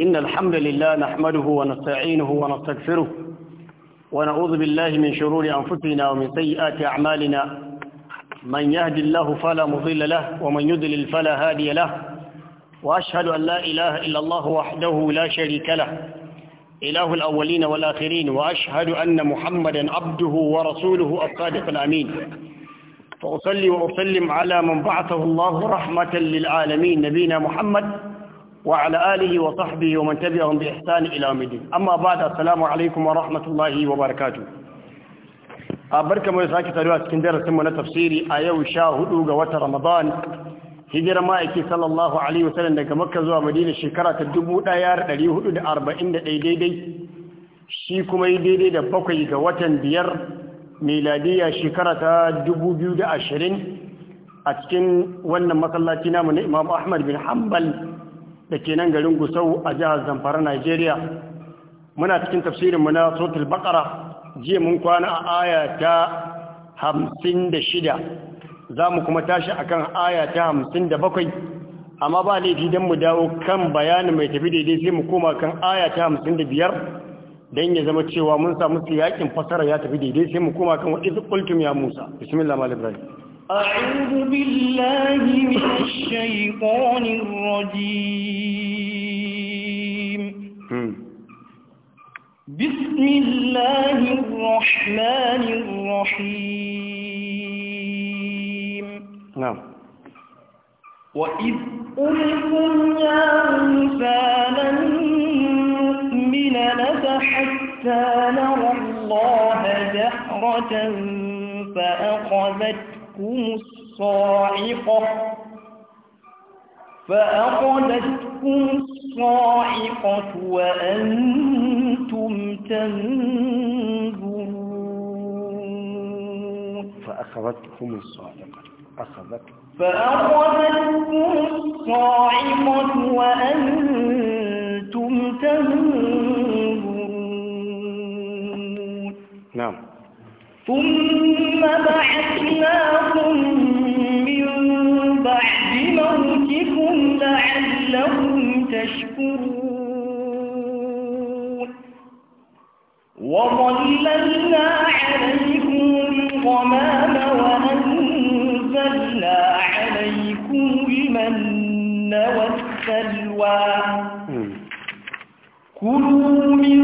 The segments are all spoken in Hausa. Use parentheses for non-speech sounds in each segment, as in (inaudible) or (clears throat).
إن الحمد لله نحمده ونستعينه ونستغفره ونعوذ بالله من شرور أنفسنا ومن سيئات أعمالنا من يهدي الله فلا مضل له ومن يضلل فلا هادي له وأشهد أن لا إله إلا الله وحده لا شريك له إله الأولين والآخرين وأشهد أن محمدا عبده ورسوله الصادق الأمين فأصلي وأسلم على من بعثه الله رحمة للعالمين نبينا محمد وعلى آله وصحبه ومن تبعهم بإحسان إلى مدين أما بعد السلام عليكم ورحمة الله وبركاته أبرك مرساك تلوى اسكندر سمنا تفسيري أيو شاهدوا قوة رمضان هجر مائكي صلى الله عليه وسلم لك مكة زوى مدينة شكرة الدبو دايار لليهود دا أربعين دا دي دي دي شيكم أي دي دي دا بقي قوة بير ميلادية شكرة الدبو بيو دا أشرين أتكن وانا مصلاتنا من إمام أحمد بن حنبل da ke nan garin Gusau a jihar Zamfara Najeriya muna cikin tafsirin mu na sotar bakara jiya mun kwana a aya ta 56 mu kuma tashi akan aya ta 57 amma ba laifi don mu dawo kan bayani mai tafi daidai sai mu koma kan aya ta 55 don ya zama cewa mun samu yakin fasara ya tafi daidai sai mu koma kan wa iz ya Musa bismillah أعوذ بالله من الشيطان الرجيم بسم الله الرحمن الرحيم نعم وإذ قلتم يا موسى لن نؤمن لك حتى نرى الله جهرة فأخذتكم فأخذتكم الصاعقة فأخذتكم الصاعقة وأنتم تنظرون فأخذتكم الصاعقة أخذت فأخذتكم الصاعقة وأنتم تنظرون نعم ثم بعثناكم من بعد موتكم لعلكم تشكرون وظللنا عليكم الغمام وأنزلنا عليكم المن والسلوى كلوا من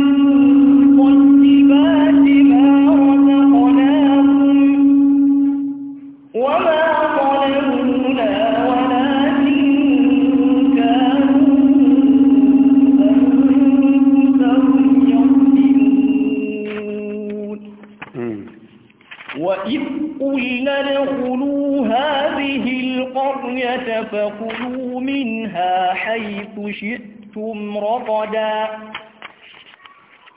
فكلوا منها حيث شئتم رغدا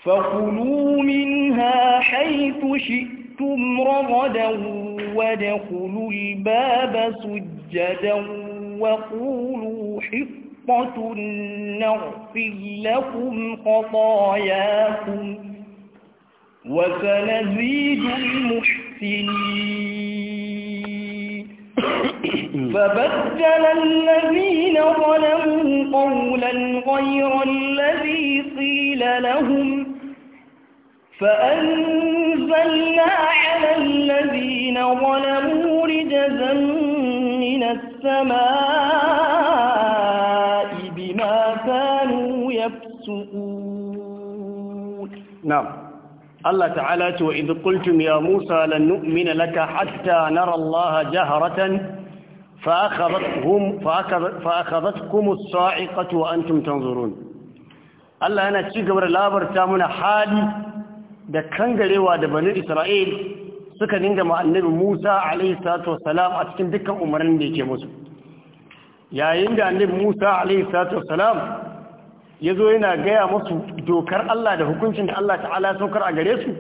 فكلوا منها حيث شئتم رغدا وادخلوا الباب سجدا وقولوا حفظة نغفر لكم خطاياكم وسنزيد المحسنين فبدل الذين ظلموا قولا غير الذي قيل لهم فأنزلنا على الذين ظلموا رجزا من السماء بما كانوا يفسقون نعم Allah ta'ala ce wa idan kultum ya Musa lan nu'mina laka hatta nara Allah jaharatan fa akhadhakum fa akhadhakum as-sa'iqatu wa antum tanzurun Allah yana ci gaba da labarta muna hali da kangarewa da bani Isra'il suka dinga ma annabi Musa alayhi salatu wassalam a cikin dukkan umarnin da yake musu yayin da annabi Musa alayhi salatu wassalam ya zo yana gaya masu dokar Allah da hukuncin da Allah ta'ala saukar a gare su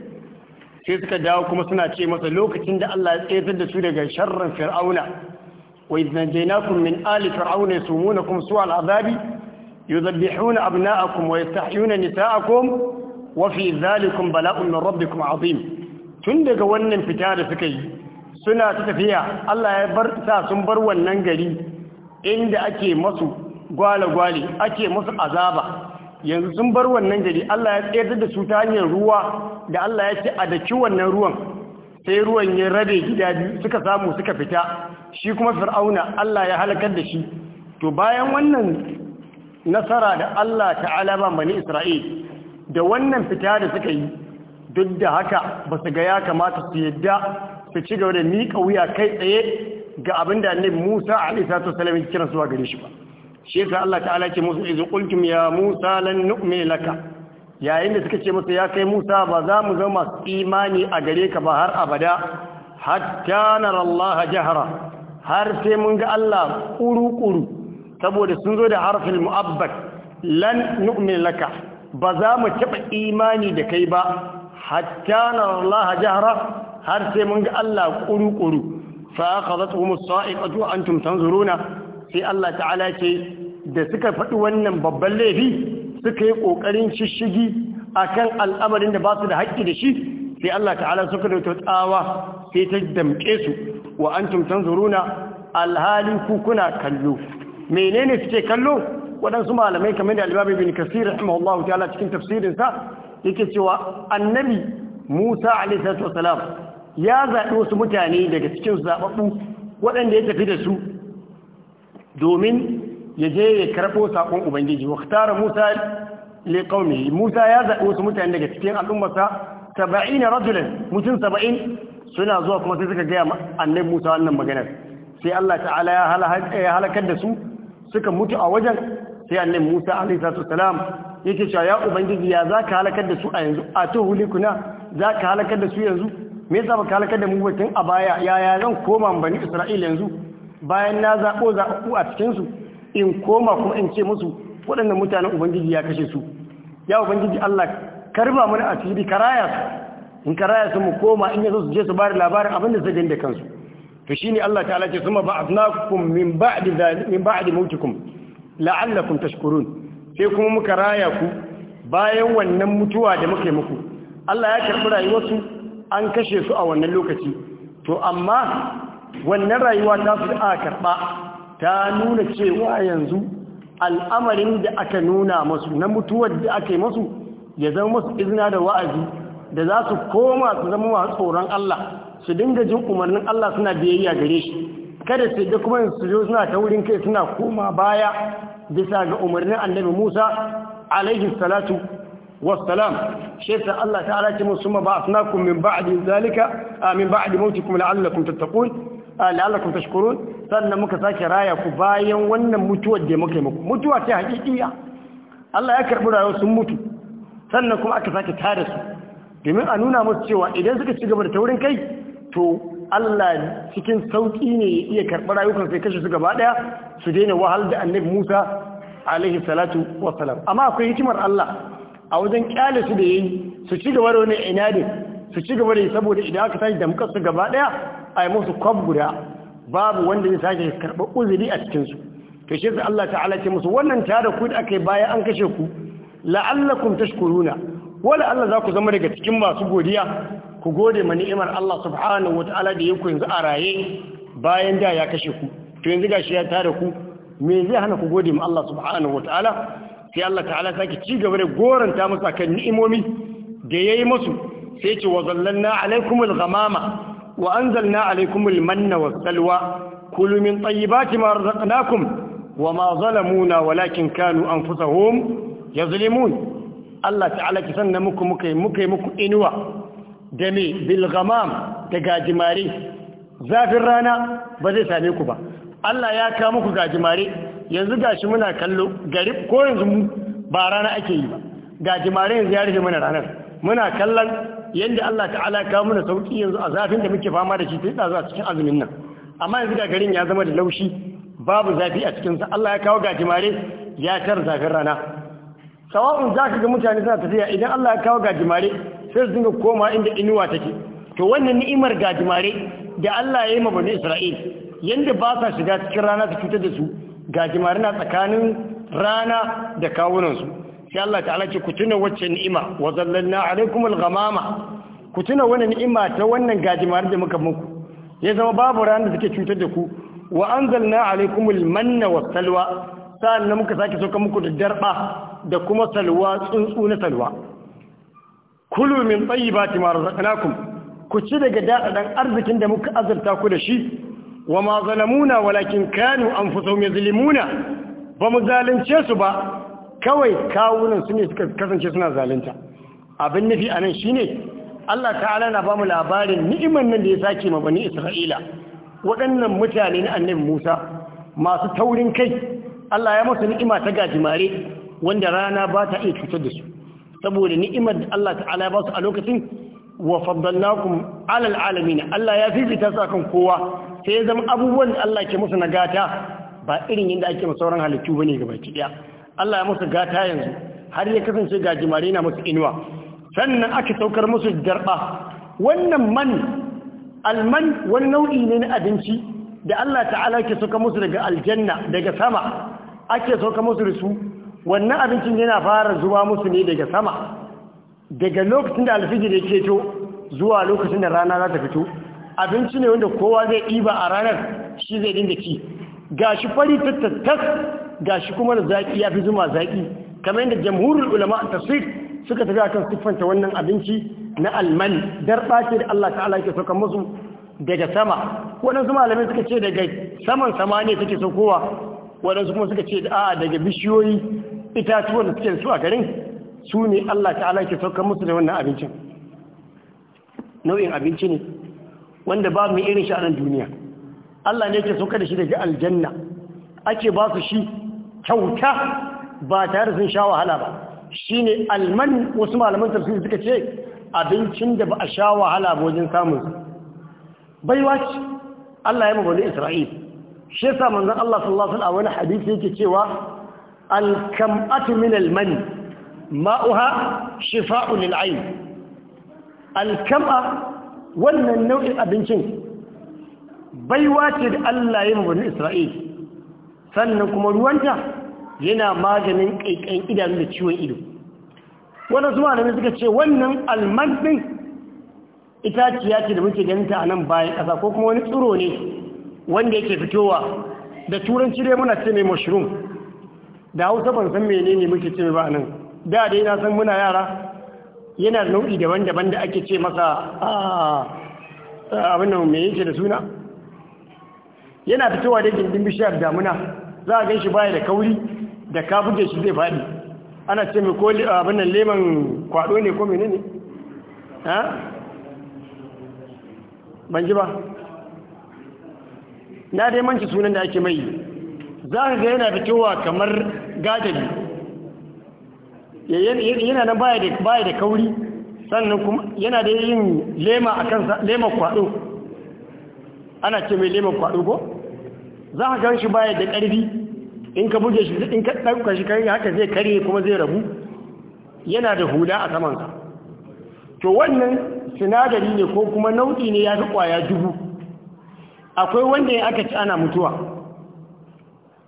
sai suka dawo kuma suna ce masa lokacin da Allah ya tsetar da su daga sharrin fir'auna wa idnajainakum min ali fir'auna yasumunakum su'al azabi yuzabbihuna abna'akum wa yastahyuna nisa'akum wa fi dhalikum bala'un min rabbikum azim tun daga wannan fita da suka yi suna ta tafiya Allah ya bar sa sun bar wannan gari inda ake masu gwale-gwale ake musu azaba yanzu sun bar wannan gari Allah ya tsayar da su ta hanyar ruwa da Allah ya ce a daki wannan ruwan sai ruwan ya rabe gida biyu suka samu suka fita shi kuma fir'auna Allah ya halakar da shi to bayan wannan nasara da Allah ta'ala ba bani Isra'il da wannan fita da suka yi duk da haka ba su ga ya kamata su yadda su ci gaba da miƙa wuya kai tsaye ga abin da annabi Musa alaihi salatu ta kira su gare shi ba shi yasa Allah ta'ala ce musu izu qultum ya Musa lan nu'mina laka yayin da suka ce masa ya kai Musa ba za mu zama imani a gare ka ba har abada hatta nara Allah har sai mun ga Allah kuru kuru saboda sun zo da harfin mu'abbad lan nu'mina laka ba za mu taɓa imani da kai ba hatta nara Allah har sai mun ga Allah kuru kuru fa akhadathum as-sa'iqatu antum tanzuruna sai Allah ta'ala ce da suka faɗi wannan babban laifi suka yi ƙoƙarin shishigi akan al'amarin da ba su da haƙƙi da shi sai Allah ta'ala suka da tsawa sai ta damke su wa antum tanzuruna alhali kukuna kallo menene suke kallo waɗansu malamai kamar da alibabi bin kasir rahimahullahu ta'ala cikin tafsirinsa yake cewa annabi musa alaihi ya zaɓi wasu mutane daga cikin zaɓaɓɓu waɗanda ya tafi da su domin ya je ya karɓo saƙon ubangiji waktara musa liƙaumi musa ya zaɓi wasu mutane daga cikin al'ummarsa saba'in Rajulun, mutum saba'in suna zuwa kuma sai suka gaya annai musa wannan maganar sai allah ta'ala ya halakar da su suka mutu a wajen sai annai musa alaihi salatu salam yake cewa ya ubangiji ya za ka halakar da su a yanzu a tuhulikuna za ka halakar da su yanzu me sa ba ka halakar da mu batun a baya yaya zan koma bani isra'ila yanzu bayan na zaɓo zaɓaɓɓu a cikinsu in koma kuma in ce musu waɗannan mutanen ubangiji ya kashe su ya ubangiji Allah karba mana a cikin karaya su in karaya su mu koma in yanzu su je su bari labarin abin da zai da kansu to shine Allah ta'ala ce suma ba'athnakum min ba'di min ba'di mautikum la'allakum tashkurun sai kuma muka raya ku bayan wannan mutuwa da muka yi muku Allah ya karɓi rayuwarsu an kashe su a wannan lokaci to amma wannan rayuwa ta su a karɓa ta nuna cewa yanzu al'amarin da aka nuna masu na mutuwar da aka yi masu ya zama masu izina da wa'azi da za su koma su zama masu tsoron Allah su dinga jin umarnin Allah suna biyayya gare shi kada su da kuma su zo suna ta wurin kai suna koma baya bisa ga umarnin annabi Musa alaihi salatu wassalam shi Allah ta'ala ce musu ma ba'athnakum min ba'di zalika min ba'di mautikum la'allakum tattaqun Ah, la'allakum tashkurun sannan muka sake raya ku bayan wannan mutuwar da muka yi muku mutuwa ce hakikiya Allah ya karbi rayuwar sun mutu sannan kuma aka sake tare su domin a nuna musu cewa idan suka ci gaba da taurin kai to Allah cikin sauki ne ya iya karɓi rayukan sai kashe su gaba daya su daina wahal da annabi Musa alaihi salatu salam amma akwai hikimar Allah a wajen kyale su da yayi su ci gaba da wani inadin su ci gaba da saboda idan aka tashi damkar su gaba ɗaya. a yi musu kwab guda babu wanda zai sake karɓar uzuri a cikinsu to shi Allah ta'ala ce musu wannan tare ku da aka yi bayan an kashe ku la'allakum tashkuruna wala Allah za ku zama daga cikin masu godiya ku gode ma ni'imar Allah subhanahu wata'ala da yake yanzu a raye bayan da ya kashe ku to yanzu gashi ya tare ku me zai hana ku gode ma Allah subhanahu wata'ala sai Allah ta'ala sake ci gaba da goranta musu akan ni'imomi da yayi musu sai ce wa zallanna alaikumul ghamama wa anzalna alaikumul manna wassalwa kulu min tayyibati ma razaqnakum wama zalamuna walakin kanu Ya yazlimun Allah ta'ala ki sanna muku muka muka muku inuwa da me Bilgamam da gajimare zafin rana ba zai same ku ba Allah ya ka muku gajimare yanzu gashi muna kallo gari ko yanzu ba rana ake yi ba gajimare yanzu ya rufe mana ranar muna kallon yadda Allah ta'ala kawo mana sauƙi yanzu a zafin da muke fama da shi yi tsazu a cikin azumin nan amma yanzu da garin ya zama da laushi babu zafi a cikinsa Allah ya kawo gajimare ya tar zafin rana sawa'un za ka ga mutane suna tafiya idan Allah ya kawo gajimare sai su dinga koma inda inuwa take to wannan ni'imar gajimare da Allah ya yi ma bani Isra'il yadda ba sa shiga cikin rana su cutar da su gajimare na tsakanin rana da kawunansu sai Allah ta'ala ce ku tuna wacce ni'ima wa zallalna alaikum al-ghamama ku tuna wannan ni'ima ta wannan gajimar da muka muku ya zama babu ranar da suke cutar da ku wa anzalna alaikum al-manna salwa sannan muka sake soka muku da darba da kuma salwa tsuntsu na salwa kulu min tayyibati ma razaqnakum ku ci daga dadan arzikin da muka azurta ku da shi wa ma zalamuna walakin kanu anfusuhum yuzlimuna ba mu zalunce su ba kawai kawunan su ne suka kasance suna zalunta abin nufi a nan shi ne. Allah ta'ala na ba mu labarin ni'iman nan da ya sake ma bani Isra'ila waɗannan mutane na annabi Musa masu taurin kai Allah ya masa ni'ima ta gajimare wanda rana ba ta iya cutar da su saboda ni'imar da Allah ta'ala ba su a lokacin wa faddalnakum alal alamin Allah ya fifita ta akan kowa sai ya zama abubuwan da Allah ke musu nagata ba irin yadda ake masauran sauran halittu bane gaba ki daya Allah ya musu gata yanzu har ya kasance ga gajimare na musu inuwa sannan aka saukar musu garba wannan man alman wani nau'i ne na abinci da Allah ta'ala ke sauka musu daga aljanna daga sama ake sauka musu da su wannan abincin yana fara zuwa musu ne daga sama daga lokacin da alfijir ya to zuwa lokacin da rana za ta fito abinci ne wanda kowa zai ɗiba a ranar shi zai dinga ci ga shi fari tattattas gashi kuma da zaƙi ya fi zuma zaƙi kamar yadda jamhurul ulama a tafsir suka tafi akan siffanta wannan abinci na almani darɓa ce da Allah ta'ala yake sauka musu daga sama waɗansu malamai suka ce daga saman sama ne take saukowa waɗansu kuma suka ce a daga bishiyoyi itatuwa da suke su a garin su ne Allah ta'ala yake sauka musu da wannan abincin nau'in abinci ne wanda ba mu irin shi a nan duniya Allah ne yake sauka da shi daga aljanna ake ba su shi kyauta ba tare da sun sha wahala ba shine alman wasu malaman tafsiri suka ce abincin da ba a sha wahala ba wajen samun su baiwa ce Allah ya mabani Isra'il shi yasa manzon Allah sallallahu alaihi wasallam wani hadisi yake cewa al-kam'atu min al-man ma'uha shifa'u lil-ayn al-kam'a wannan nau'in abincin baiwa ce da Allah ya mabani Isra'il sannan kuma ruwanta yana maganin ƙaiƙayin idanu da ciwon ido Wannan zuwa da suka ce wannan almadin itaciya ce da muke ganta a nan bayan ƙasa ko kuma wani tsiro ne wanda yake fitowa da turanci dai muna ce mai mushroom da hausa ban san ne muke ce ba nan da dai na san muna yara yana nau'i daban-daban da ake ce masa abin nan mai yake da suna yana fitowa da gindin bishiyar damuna za a gan shi baya da kauri da ka buge shi zai faɗi ana ce mai koli abin nan leman kwaɗo ne ko menene ha ban ji ba na dai manci sunan da ake mai za ka ga yana fitowa kamar gadari. yana nan baya da kauri sannan kuma yana da yin lema a kansa lema kwaɗo ana ce mai lema kwaɗo ko za ka gan shi baya da ƙarfi in ka buge shi in ka ɗauka shi kare haka zai kare kuma zai rabu yana da hula a samansa to wannan sinadari ne ko kuma nau'i ne ya fi ƙwaya dubu akwai wanda ya aka ci ana mutuwa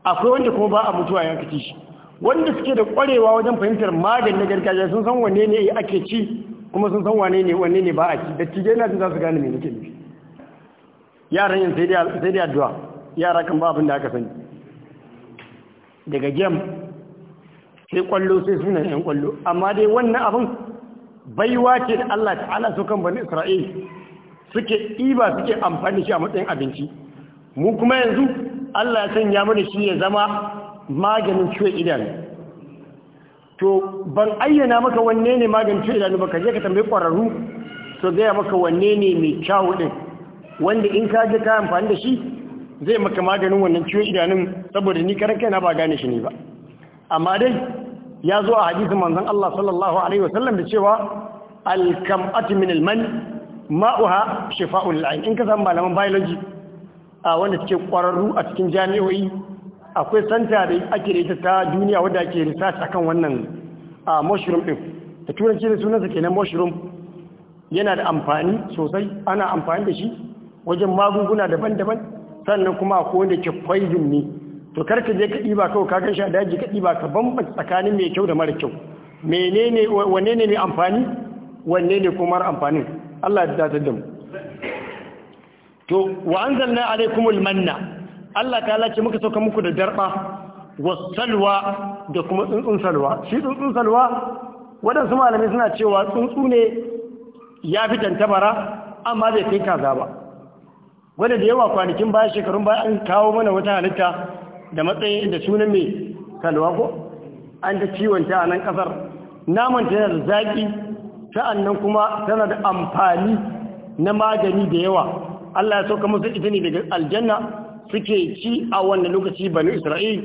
akwai wanda kuma ba a mutuwa ya aka ci shi wanda suke da ƙwarewa wajen fahimtar magani na gargajiya sun san wanne ne ake ci kuma sun san wanne ne wanne ne ba a ci da cije na za su gane mai nake nufi yaran yin sai dai addu'a yara kan ba abin da aka sani daga gem sai kwallo sai suna yan kwallo amma dai wannan abin baiwa ce da Allah ta'ala su kan bani Isra'il suke ɗiba suke amfani shi a matsayin abinci mu kuma yanzu Allah ya sanya mana shi ya zama maganin ciwon idan to ban ayyana maka wanne ne maganin ciwon idan ba ka je ka tambayi kwararru su gaya maka wanne ne mai kyawu ɗin wanda in ka je ka amfani da shi zai maka maganin wannan ciwon idanun saboda ni karan na ba gane shi ne ba amma dai ya zo a hadisin manzon Allah sallallahu alaihi wasallam da cewa al kamatu min al-man ma'uha shifa'ul ayn in ka san malaman biology a wanda suke kwararru a cikin jami'o'i akwai santa da ake da ita ta duniya wadda ake research akan wannan mushroom din da turanci da sunansa kenan mushroom yana da amfani sosai ana amfani da shi wajen magunguna daban-daban sannan kuma ko da ke poison ne to kar ka je ka diba kawai ka gashi a daji ka diba ka bamba tsakanin mai kyau da mara kyau menene wanne ne mai amfani wanne ne kuma mara amfanin Allah ya dace da mu to wa anzalna alaykumul manna Allah ta lace muka sauka muku da darba wasalwa da kuma tsuntsun salwa shi tsuntsun salwa waɗansu malamai suna cewa tsuntsu ne ya fi tantabara amma bai kai kaza ba wanda da yawa kwanakin baya shekarun baya an kawo mana wata halitta da matsayin inda sunan mai kalwa ko an ta ciwon ta a nan kasar naman ta yana da zaƙi sa'annan kuma tana da amfani na magani da yawa Allah ya sauka musu ita ne daga aljanna suke ci a wannan lokaci Bani Isra'il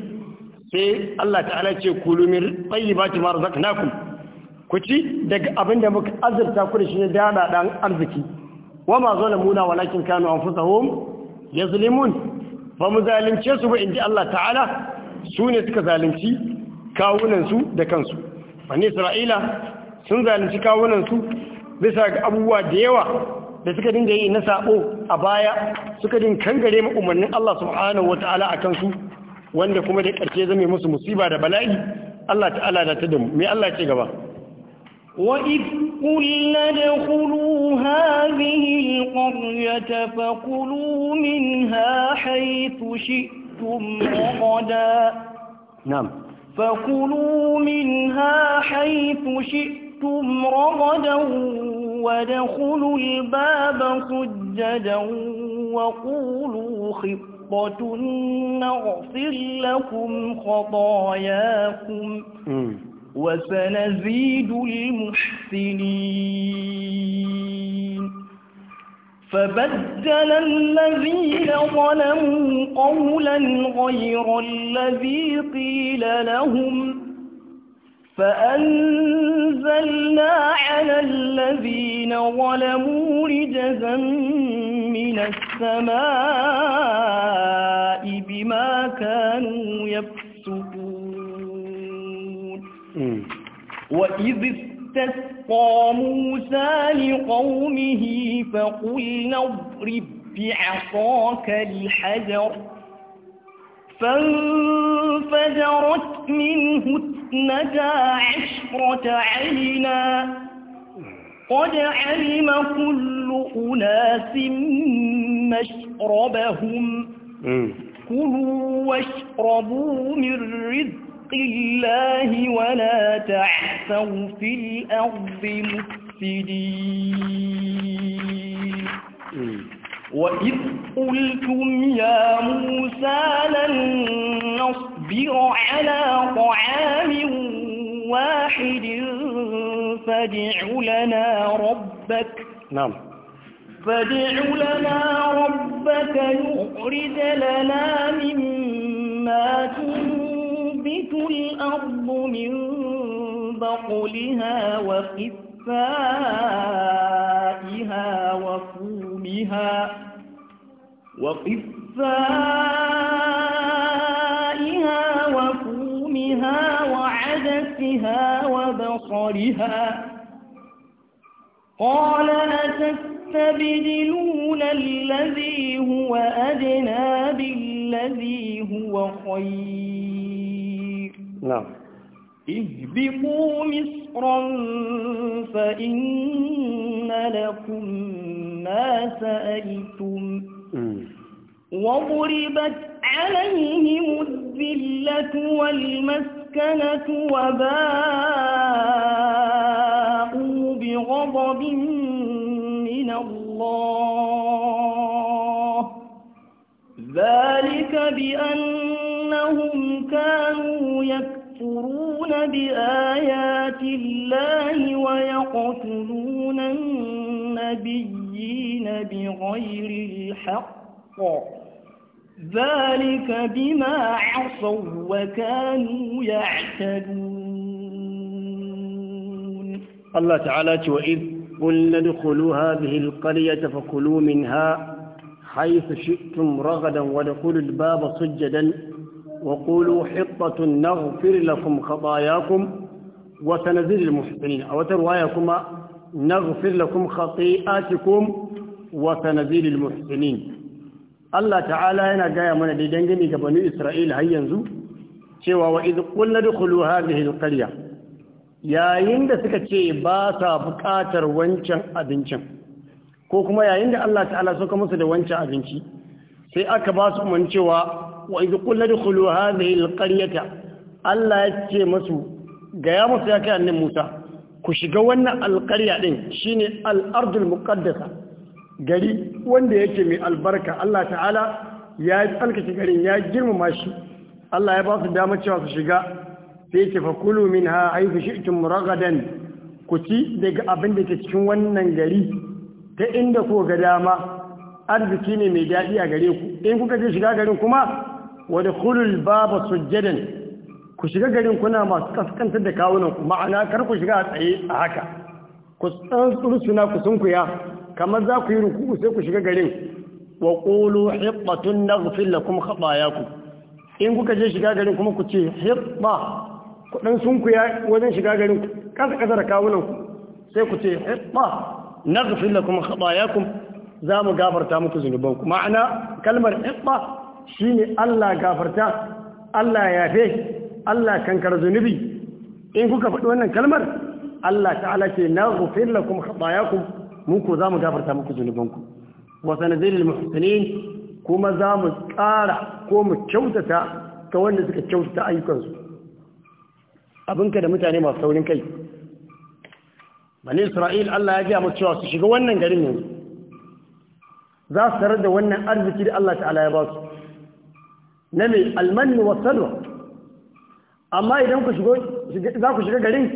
sai Allah ta'ala ce kulu min tayyibati ma na ku ci daga abin da muka azurta ku da shi ne dada dan arziki wama zalamuna walakin kanu anfusahum yazlimun ba mu zalunce su ba inji Allah ta'ala su ne suka zalunci kawunan su da kansu bani isra'ila sun zalunci kawunansu su bisa ga abubuwa da yawa da suka dinga yi na saɓo a baya suka din kangare ma umarnin Allah subhanahu wataala a kansu? wanda kuma da ƙarshe zame musu musiba da bala'i Allah ta'ala da ta damu me Allah ce gaba وإذ قلنا ادخلوا هذه القرية فكلوا منها حيث شئتم رغدا نعم فكلوا منها حيث شئتم رغدا وادخلوا الباب سجدا وقولوا خطة نغفر لكم خطاياكم م. وسنزيد المحسنين فبدل الذين ظلموا قولا غير الذي قيل لهم فأنزلنا على الذين ظلموا رجزا من السماء بما كانوا يفعلون وإذ استسقى موسى لقومه فقلنا اضرب بعصاك الحجر فانفجرت منه اثنتا عشرة عينا قد علم كل أناس مشربهم كلوا واشربوا من رزق حق الله ولا تعثوا في الأرض مفسدين وإذ قلتم يا موسى لن نصبر على طعام واحد فادع لنا ربك نعم فادع لنا ربك يخرج لنا مما تنور تنبت الأرض من بقلها وقفائها وفومها وقفائها وفومها وعدسها وبصرها قال أتستبدلون الذي هو أدنى بالذي هو خير نعم اهبطوا مصرا فإن لكم ما سألتم وضربت عليهم الذلة والمسكنة وباءوا بغضب من الله ذلك بأن بآيات الله ويقتلون النبيين بغير الحق ذلك بما عصوا وكانوا يعتدون الله تعالى وإذ قلنا ادخلوا هذه القرية فكلوا منها حيث شئتم رغدا وادخلوا الباب سجدا وقولوا حطة نغفر لكم خطاياكم وسنزيد المحسنين أو تروايكم نغفر لكم خطيئاتكم وسنزيد المحسنين الله تعالى هنا جاي من ديدنجني كبني إسرائيل هيا ينزو cewa wa idh qulna dukhulu hadhihi alqarya yayin da suka ce ba sa buƙatar wancan abincin ko kuma yayin da Allah ta'ala suka musu da wancan abinci sai aka ba su wa da kulu dukhulu hadhihi alqaryata Allah ya ce masu gaya ya ya kai annabi Musa ku shiga wannan alqarya din shine ne ardul muqaddasa gari wanda yake mai albarka Allah ta'ala ya tsalkace garin ya girmama shi Allah ya ba su dama cewa su shiga sai ce fa kulu minha haythu shi'tum ku ci daga abin da ke cikin wannan gari ta inda ko ga dama arziki ne mai daɗi a gare ku in kuka ce shiga garin kuma wani kulul baba sujjadan ku shiga garin kuna masu kaskantar da kawunan ku ma'ana kar ku shiga a tsaye a haka ku tsursuna ku sun kuya kamar za ku yi ruku sai ku shiga garin wa qulu hibatun naghfir lakum ku in kuka je shiga garin kuma ku ce hibba ku sun kuya wajen shiga garin kasa kasa da kawunan ku sai ku ce hibba naghfir lakum ku za mu gafarta muku zunubanku ma'ana kalmar hibba shine Allah gafarta Allah ya yafe Allah kankar zunubi in kuka faɗi wannan kalmar Allah ta'ala ce na ghufir lakum khatayakum mu ko zamu gafarta muku zunubanku wa sanadil muhsinin kuma zamu ƙara ko mu kyautata ga wanda suka kyautata ayyukansu abinka da mutane masu saurin kai bani isra'il Allah ya gaya mu cewa su shiga wannan garin yanzu za su tarar da wannan arziki da Allah ta'ala ya ba su na mai almanni wasalwa amma idan ku za ku shiga garin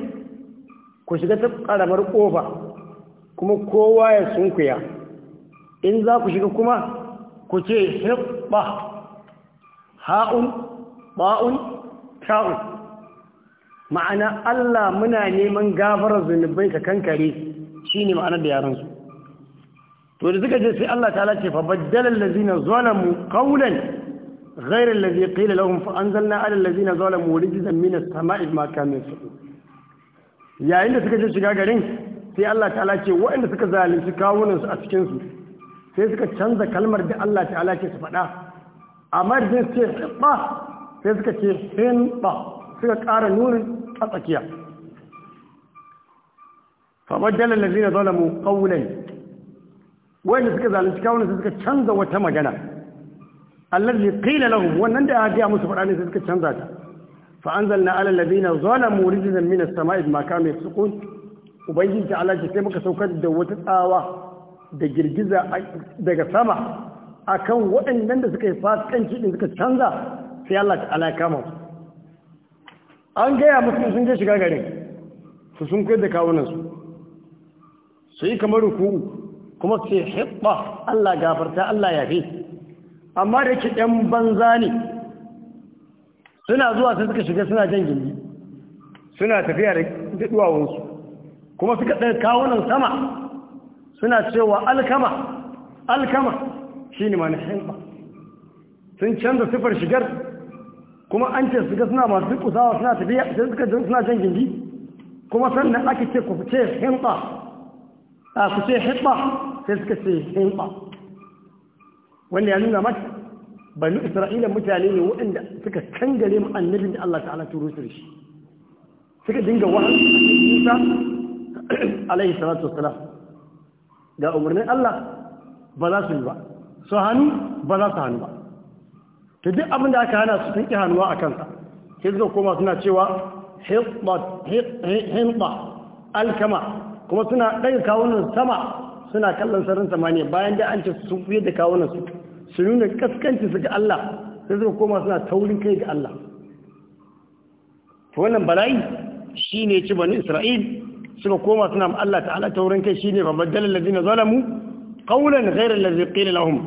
ku shiga ta karamar ƙofa kuma kowa ya sunkuya in za ku shiga kuma ku ce hibba ha'un ba'un ta'un ma'ana Allah muna neman gafarar zunubai ka kankare shi ne ma'anar da yaransu to da suka je sai Allah ta lace fa baddalar mu zalamu kaunan غير الذي قيل لهم فأنزلنا على الذين ظلموا رجزا من السماء ما كانوا يفسقون يا عند سكا شيغا غارين sai Allah ta'ala ce waɗanda suka zalunci kawunan a cikin su sai suka canza kalmar da Allah ta'ala ce su faɗa amma da ce hibba sai suka ce hinba suka ƙara nurin a tsakiya fa bajjala allazina zalamu qawlan waɗanda suka zalunci suka canza wata magana allazi qila lahum wannan da aka musu fada ne sai suka canza ta fa anzalna ala alladhina zalamu rijzan min as-sama'i bima kanu yasqun ubangiji ta Allah sai muka saukar da wata tsawa da girgiza daga sama akan waɗannan da suka yi fasikanci din suka canza sai Allah ta an gaya musu sun je shiga garin su sun kai da kawunan su su yi kamar ruku kuma sai hibba Allah gafarta Allah yafi amma da ke ɗan banza ne suna zuwa sai suka shiga suna jan gini suna tafiya da duwawunsu kuma suka ɗan kawunan sama suna cewa alkama alkama shi ne mana haifa sun canza sifar shigar kuma an ce suka suna masu kusawa suna tafiya sai suka suna jan gini kuma sannan ake ce ku ce hinɓa a ku ce hinɓa sai suka ce hinɓa wanda ya nuna mata banu isra'ila mutane ne waɗanda suka kangare mu annabin da Allah ta'ala turo su shi suka dinga wahayi Isa (clears throat) alaihi salatu wassalam ga umarnin Allah ba za su yi ba su hannu ba za su hannu ba ta duk abin da aka hana su sun ƙi hannuwa a kansa sai suka koma suna cewa hinta alkama kuma suna ɗaga kawunan sama suna kallon sararin samaniya bayan da an ce su fiye da kawunan su su nuna kaskanci su ga Allah sai suka koma suna taurin kai ga Allah to wannan bala'i shi shine ci bani Isra'il suka koma suna ma Allah ta'ala taurin kai shi shine fa badal ladina zalamu qawlan ghayra alladhi qila lahum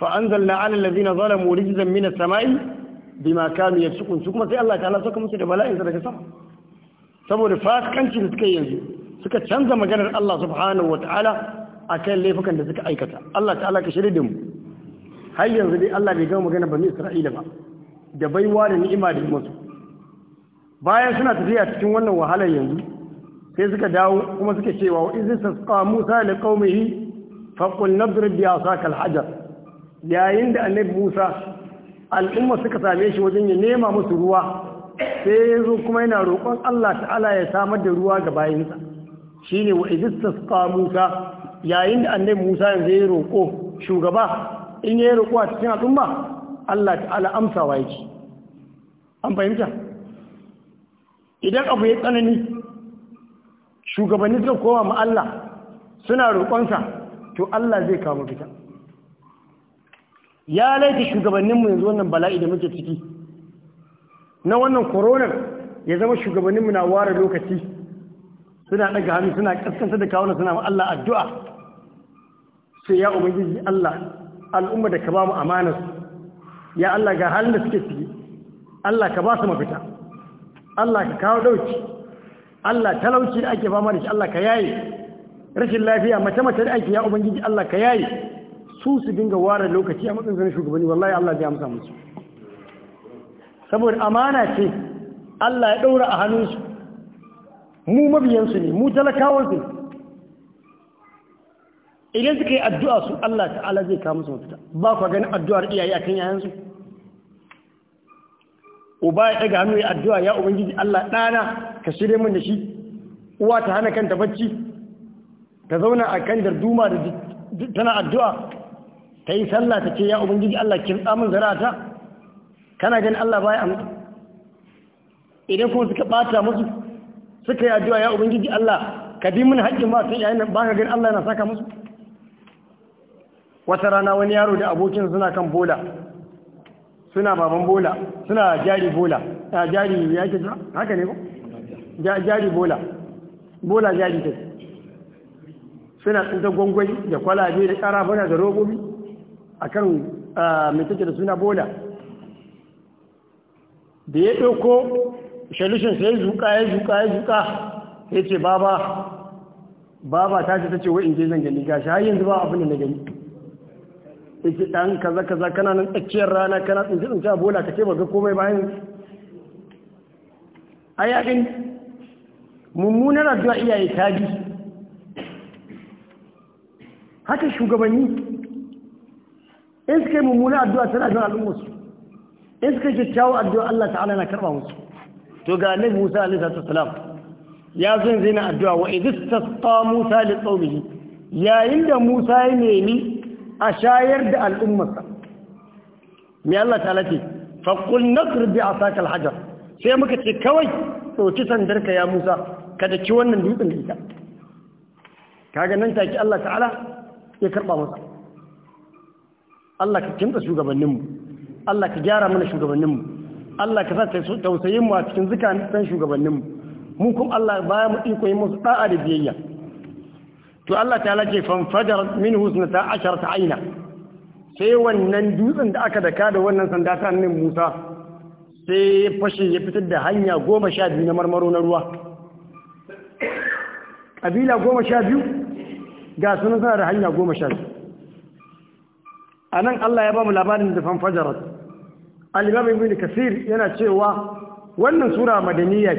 fa anzalna 'ala alladhina zalamu rijzan min as-sama'i bima kanu yafsukun su kuma sai Allah ta'ala saka musu da bala'in daga sama saboda fasikancin da suka yanzu suka canza maganar Allah subhanahu wa ta'ala. A kan laifukan da suka aikata Allah ta'ala alaka shirin da mu har yanzu dai Allah bai gama magana bani Isra'ila ba da baiwa da ni'ima da musu bayan suna tafiya cikin wannan wahalar yanzu sai suka dawo kuma suka cewa wa izin sasqa Musa li qaumihi fa qul nadrib bi asaka al-hajar yayin da annabi Musa al'umma suka same shi wajen ya nema musu ruwa sai yanzu kuma yana roƙon Allah ta'ala ya samar da ruwa ga bayansa shine ne wa izistas musa yayin da annabi Musa yanzu ya roƙo shugaba in ya roƙo a cikin al'umma Allah ta'ala amsawa yake an fahimta idan abu ya tsanani shugabanni suka koma ma Allah suna roƙonsa to Allah zai kawo fita ya laifi shugabanninmu yanzu wannan bala'i da muke ciki na wannan koronar ya zama shugabanninmu na ware lokaci suna ɗaga hannu suna kaskanta da kawunan suna Allah addu'a ce ya ubangiji Allah al'umma da ka ba mu amanar ya Allah ga halin da suke ciki Allah ka ba su mafita Allah ka kawo dauki Allah talauci da ake fama da shi Allah ka yaye rashin lafiya mace mace da ake ya ubangiji Allah ka yaye su su dinga ware lokaci a matsayin shugabanni wallahi Allah zai amsa musu saboda amana ce Allah ya daura a hannunsu mu mabiyansu ne mu talakawansu ne idan suka yi addu'a su Allah ta'ala zai kawo musu mafita ba kwa ganin addu'ar iyaye a kan yayansu uba ya ɗaga hannu ya addu'a ya ubangiji Allah ɗana ka shirya min da shi uwa ta hana kanta bacci ta zauna a kan darduma da tana addu'a ta yi sallah ta ce ya ubangiji Allah kin tsamin zarata kana ganin Allah baya amsa idan kuma suka ɓata musu suka yi addu'a ya ubangiji Allah ka bi min haƙƙin ba su yayin ba ka ganin Allah yana saka musu wata rana wani yaro da abokin suna kan bola suna baban bola suna jari bola a jari ya ke haka ne ko jari bola bola jari ta suna tsinta gwangwani da kwalabe da karafuna da robobi a kan mai take da suna bola da ya ɗauko shalishin sai zuka ya zuka ya zuka ya ce baba baba ta ce ta ce wa'in je zan gani gashi har yanzu ba abin da na gani yake ɗan kaza kaza kana nan tsakiyar rana kana tsinci tsinci a bola ka ce ba ga komai bayan a yaɗin mummunar addu'a iyaye ta bi haka shugabanni in suka yi mummunar addu'a tana jan al'ummarsu in suka yi kyakkyawar addu'a Allah ta'ala na karɓa musu to ga annabi Musa alaihi salatu ya zo zina addu'a wa idh istasta Musa li qaumihi yayin da Musa ya nemi a shayar da al'ummarsa mai Allah ta lafi faƙul na turbi a sakal hajar sai muka ce kawai ɗauki ka ya musa ka daki wannan dutsen da ita kaga nan take Allah ta'ala ya karɓa masa Allah ka kinta shugabanninmu Allah ka gyara mana shugabanninmu Allah ka sa tausayin mu a cikin zukatan shugabanninmu mun kuma Allah baya mu iko yin musu ɗa'a da biyayya to Allah ta lace fanfajar min ta ashar ta aina sai wannan dutsen da aka daka da wannan sanda ta hannun musa sai fashe ya fitar da hanya goma sha biyu na marmaro na ruwa ƙabila goma sha biyu ga sunan suna da hanya goma sha biyu a nan Allah ya ba mu labarin da fanfajar alibabi ibn kasir yana cewa wannan sura madaniya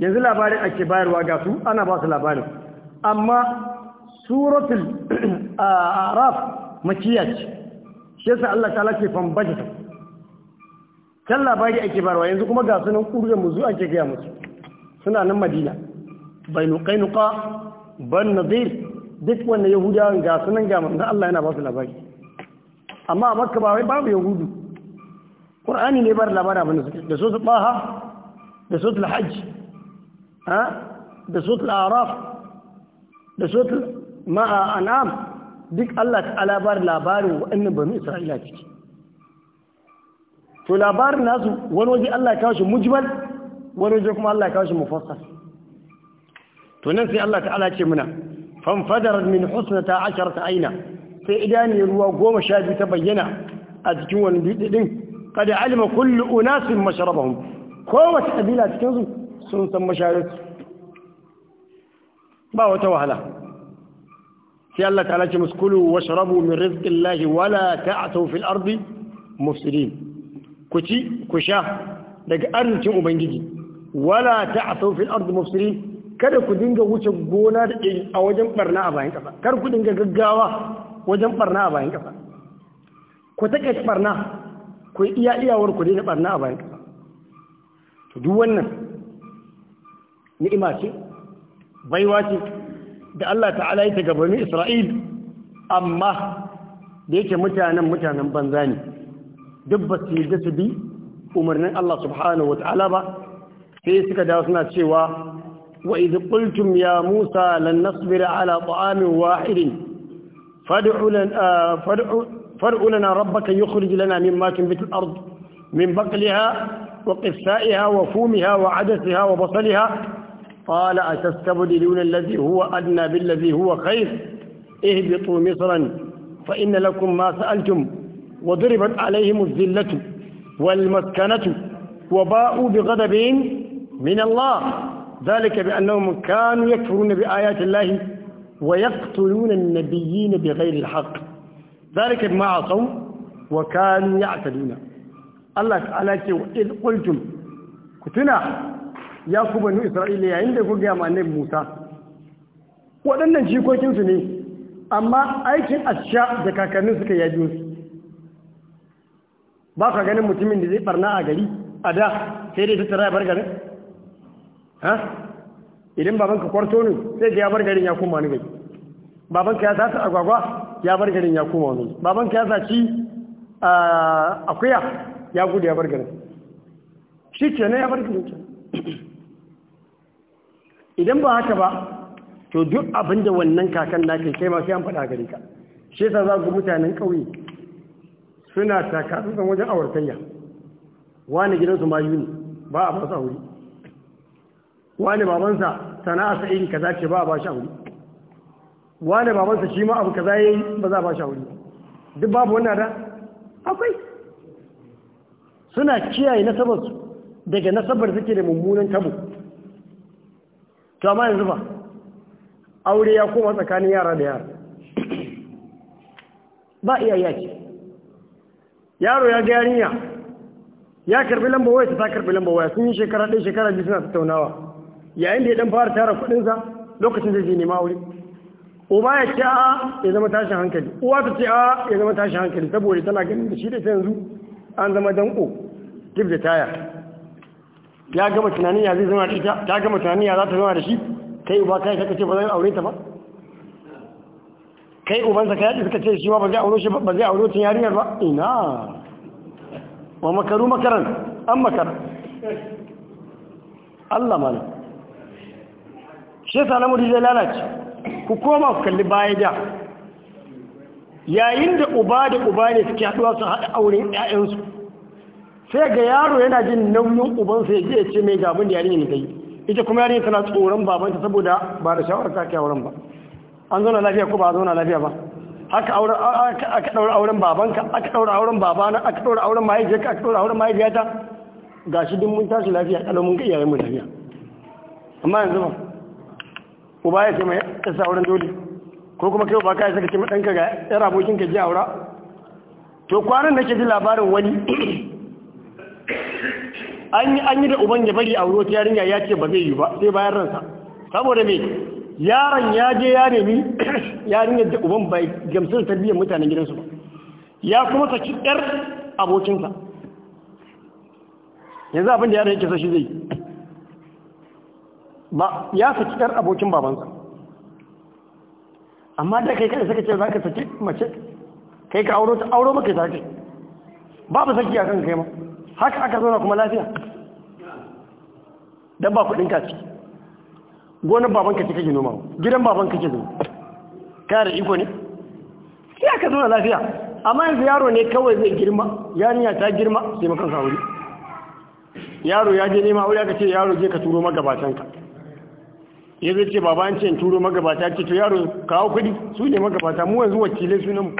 yanzu labarin ake bayarwa ga su ana ba su labarin amma suratul (clears throat) araf makiya shi yasa Allah ta'ala ke fambajta kan labari ake barwa yanzu kuma ga sunan mu zu ake gaya musu suna nan madina bainu nuƙainuka ban nadir duk wanda yahudawan ga sunan ga manzan Allah yana ba su labari amma makka ba wai babu yahudu qur'ani ne bar labari abin da suke da sosu ɓaha da sosu hajj da sosu araf da sosu ma'a an'am duk Allah ta'ala bar labarin waɗannan banu Isra'ila ciki to labarin nasu wani waje Allah ya kawo shi mujmal wani waje kuma Allah ya kawo shi mufassal to nan sai Allah ta'ala ce muna fanfadarat min husnata asharata aina sai idaniyar ruwa goma sha biyu ta bayyana a cikin wani dutse din kada alima kullu unasin masharabahum kowace kabila cikin su sun san mashayarsu ba wata wahala sai Allah ta'ala ce muskulu washrabu min lahi wala ta'tu fil ardi mufsidin ku ci ku sha daga arzikin ubangiji wala ta'tu fil ardi mufsidin kada ku dinga wuce gona da a wajen barna a bayan kasa kar ku dinga gaggawa wajen barna a bayan kasa ku take barna ku iya iyawar ku dinga barna a bayan kasa to duk wannan ni'ima ce baiwa ce da Allah ta'ala ya ga bani Isra'il amma da yake mutanen mutanen banza ne duk ba su yi su bi umarnin Allah subhanahu wata'ala ba sai suka dawo suna cewa wa idh qultum ya Musa lan nasbira ala ta'amin wahidin fad'u lana ah, fad'u lana rabbaka yukhrij lana min makin al-ard min baqliha wa qithaiha wa fumiha wa adasiha wa basaliha قال أتستبدلون الذي هو أدنى بالذي هو خير اهبطوا مصرا فإن لكم ما سألتم وضربت عليهم الذلة والمسكنة وباءوا بغضب من الله ذلك بأنهم كانوا يكفرون بآيات الله ويقتلون النبيين بغير الحق ذلك بما عصوا وكانوا يعتدون الله تعالى إذ قلتم كتنا ya ku banu isra'ila yayin da ku gaya ma annabi musa waɗannan jikokinsu ne amma aikin asha da kakannin suka yaji su ba ka ganin mutumin da zai barna a gari a da sai dai tattara ya bar garin ha idan babanka kwarto ne sai ga ya bar garin ya koma ni baban babanka ya sata agwagwa ya bar garin ya koma baban babanka ya saci akuya ya gudu ya bar garin shi ne ya bar garin idan ba haka ba to duk abin da wannan kakan na ke kai ma sai an faɗa gare ka shi yasa za ku mutanen ƙauye suna taka san wajen auratayya wani gidan mayu ne ba a basu aure wani babansa sana'a sa irin kaza ce ba a bashi aure wani babansa shi ma abu kaza yayi ba za a bashi aure duk babu wannan da akwai suna kiyaye nasabarsu daga nasabar suke da mummunan tabo to amma yanzu ba aure ya koma tsakanin yara da yara ba iyayya ce yaro ya ga yarinya ya karbi lamba waya ta karbi lamba waya sun yi shekara ɗaya shekara biyu suna tattaunawa yayin da ya dan fara tara kuɗinsa lokacin zai je nema aure uba ya ce a ya zama tashin hankali uwa ta ce a ya zama tashin hankali saboda tana ganin da shi da yanzu an zama danko tif da taya ya gama tunanin ya zai zama da ita ta gama tunanin ya za ta zama da shi kai uba kai saka ce ba zai aure ta ba kai ubansa kai yaƙi suka ce shi ma ba zai aure shi ba zai aure yarinyar ba ina wa makaru makaran an makar Allah mana shi yasa muri zai lalace ku koma ku kalli baya da yayin da uba da uba ne suke haɗuwa su haɗa auren 'ya'yansu sai ga yaro yana jin nauyin ubansa ya je ce mai gabin da ne yi ita kuma yarinya tana tsoron babanta saboda ba da shawarar ta kai auren ba an zauna lafiya ko ba zauna lafiya ba haka aka daura auren babanka aka daura auren babana aka daura auren mahaifiyarka aka daura auren mahaifiyata gashi din mun tashi lafiya kalau mun ga iyayen mu lafiya amma yanzu ba uba ya ce mai yasa auren dole ko kuma kai uba ka saka ce danka ga yar abokin ka je aura to kwanan nake ji labarin wani an yi da uban ya bari a wuri yarinya ya ce ba zai yi ba sai bayan ransa saboda me yaron ya je ya nemi (coughs) yarinyar da uban bai gamsu da tarbiyyar mutanen gidansu ba ya kuma saki yar abokinsa yanzu abin da yaron yake so shi zai ba ya saki yar abokin babansa amma da kai kada saka ce za ka saki mace kai ka auro maka ta ba babu saki a kan kai ma haka aka zauna kuma lafiya Don ba kudin kaci gonar babanka ce kake noma gidan babanka kake zo kare da iko ne sai aka zauna lafiya amma yanzu yaro ne kawai zai girma yarinya ta girma sai makon sauri yaro ya je nema aure aka ce yaro je ka turo magabatanka ya zai ce baban ce turo magabata ce to yaro kawo kudi su ne magabata mu yanzu wakilai sunan mu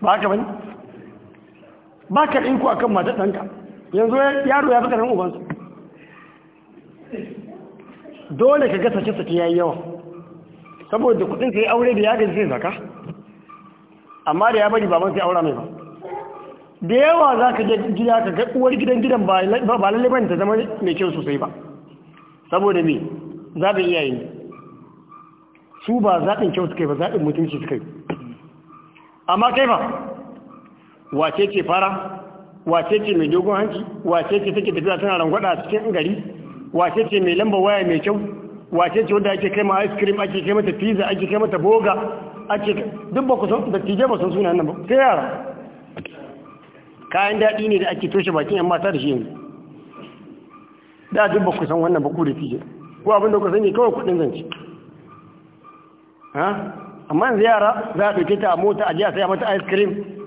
ba ka bani. ba ka ɗinku a akan mata ɗanka yanzu yaro ya fi ƙarfin ubansa dole ka ga sake-sake ya yi yawa saboda kudin sai aure da ya gaji zai zaka amma da ya bari baban sai aura mai ba da yawa za ka gida ka ga uwar gidan gidan ba lalle ne ta zama mai kyau sosai ba saboda me zaɓin iyayen su ba zaɓin kyau suka yi ba zaɓin mutunci suka yi amma kai ba wace ce fara wace ce mai dogon hanci wace ce take tafiya tana rangwada a cikin gari wace ce mai lamba waya mai kyau wace ce wanda ake kai ma ice cream ake kai mata pizza ake kai mata boga ake duk ba ku san da tije ba san sunan nan ba sai yara kayan daɗi ne da ake toshe bakin yan mata da shi yanzu da duk ba ku san wannan ba ku da tije ko abin da ku sani kawai kuɗin zance ha amma yanzu yara za a ɗauke ta a mota a je a saya mata ice cream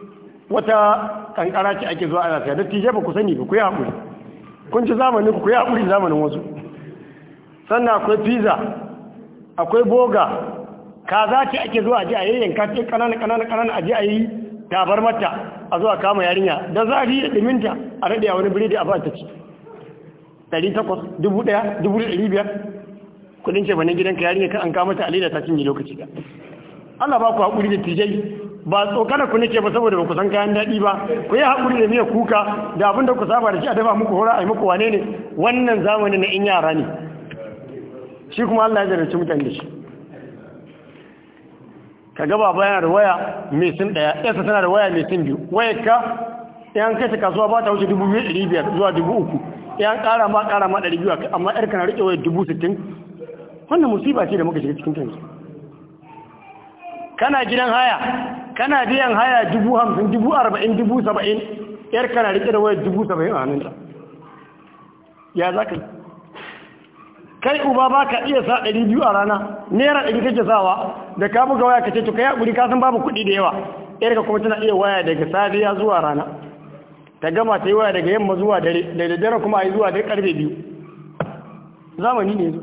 wata kankara ce ake zuwa lafiya saya dattijai ba ku sani ba ku yi haƙuri kun ci zamanin ku ku yi haƙuri zamanin wasu sannan akwai pizza akwai boga kaza ce ake zuwa ji a ka ce kanana kanana kanana ji a yi tabar mata a zuwa kama yarinya da zafi da ɗiminta a raɗe a wani biredi a ba ci 800 1000 1500 kudin ce banin gidanka yarinya kan an kama ta alida ta cinye lokaci da Allah ba ku haƙuri da tijai ba tsokana ku nake ba saboda ba ku san kayan daɗi ba ku yi haƙuri da miya kuka da abin da ku saba da shi a dafa muku hura a yi muku wane ne wannan zamani na in yara ne shi kuma Allah ya zarrace mutane da shi ka gaba bayan da waya mai sun ɗaya yasa tana da waya mai sun biyu waya ka yan kai ta kasuwa ba ta wuce dubu biyu ɗari biyar zuwa dubu uku yan ƙara ma ƙara ma ɗari biyu amma yar kana riƙe waya dubu sittin wannan musiba ce da muka shiga cikin tanzu kana gidan haya kana biyan haya dubu hamsin dubu arba'in dubu saba'in yar kana rike da wayar dubu saba'in a hannunta ya za ka yi kai uba ba ka iya sa ɗari biyu a rana naira ɗari kake sawa da ka buga waya ka ce to kai haƙuri ka san babu kuɗi da yawa yar ka kuma tana iya waya daga safiya zuwa rana ta gama ta yi waya daga yamma zuwa dare da dare kuma a yi zuwa dare karfe biyu zamani ne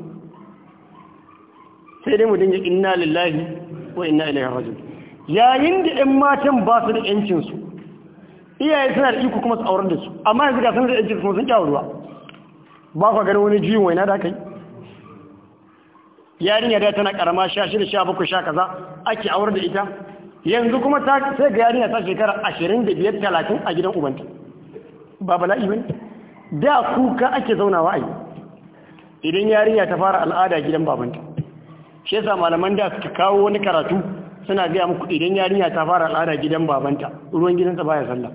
sai dai mu dinga inna lillahi wa inna ilaihi raji'un yayin da 'yan matan ba su da 'yancinsu iyaye suna da iko kuma su auren da su amma yanzu ga sun da 'yancinsu sun sun ƙi ruwa. ba kwa gani wani jiwon waina da aka yi yarinya da tana karama sha da sha bakwai sha kaza ake auren da ita yanzu kuma ta sai ga yarinya ta shekara ashirin da biyar talatin a gidan ubanta ba bala'i bane da kuka ake zaunawa a yi idan yarinya ta fara al'ada gidan babanta shi yasa malaman da suka kawo wani karatu suna gaya muku idan yarinya ta fara al'ada gidan babanta ruwan gidansa baya sallah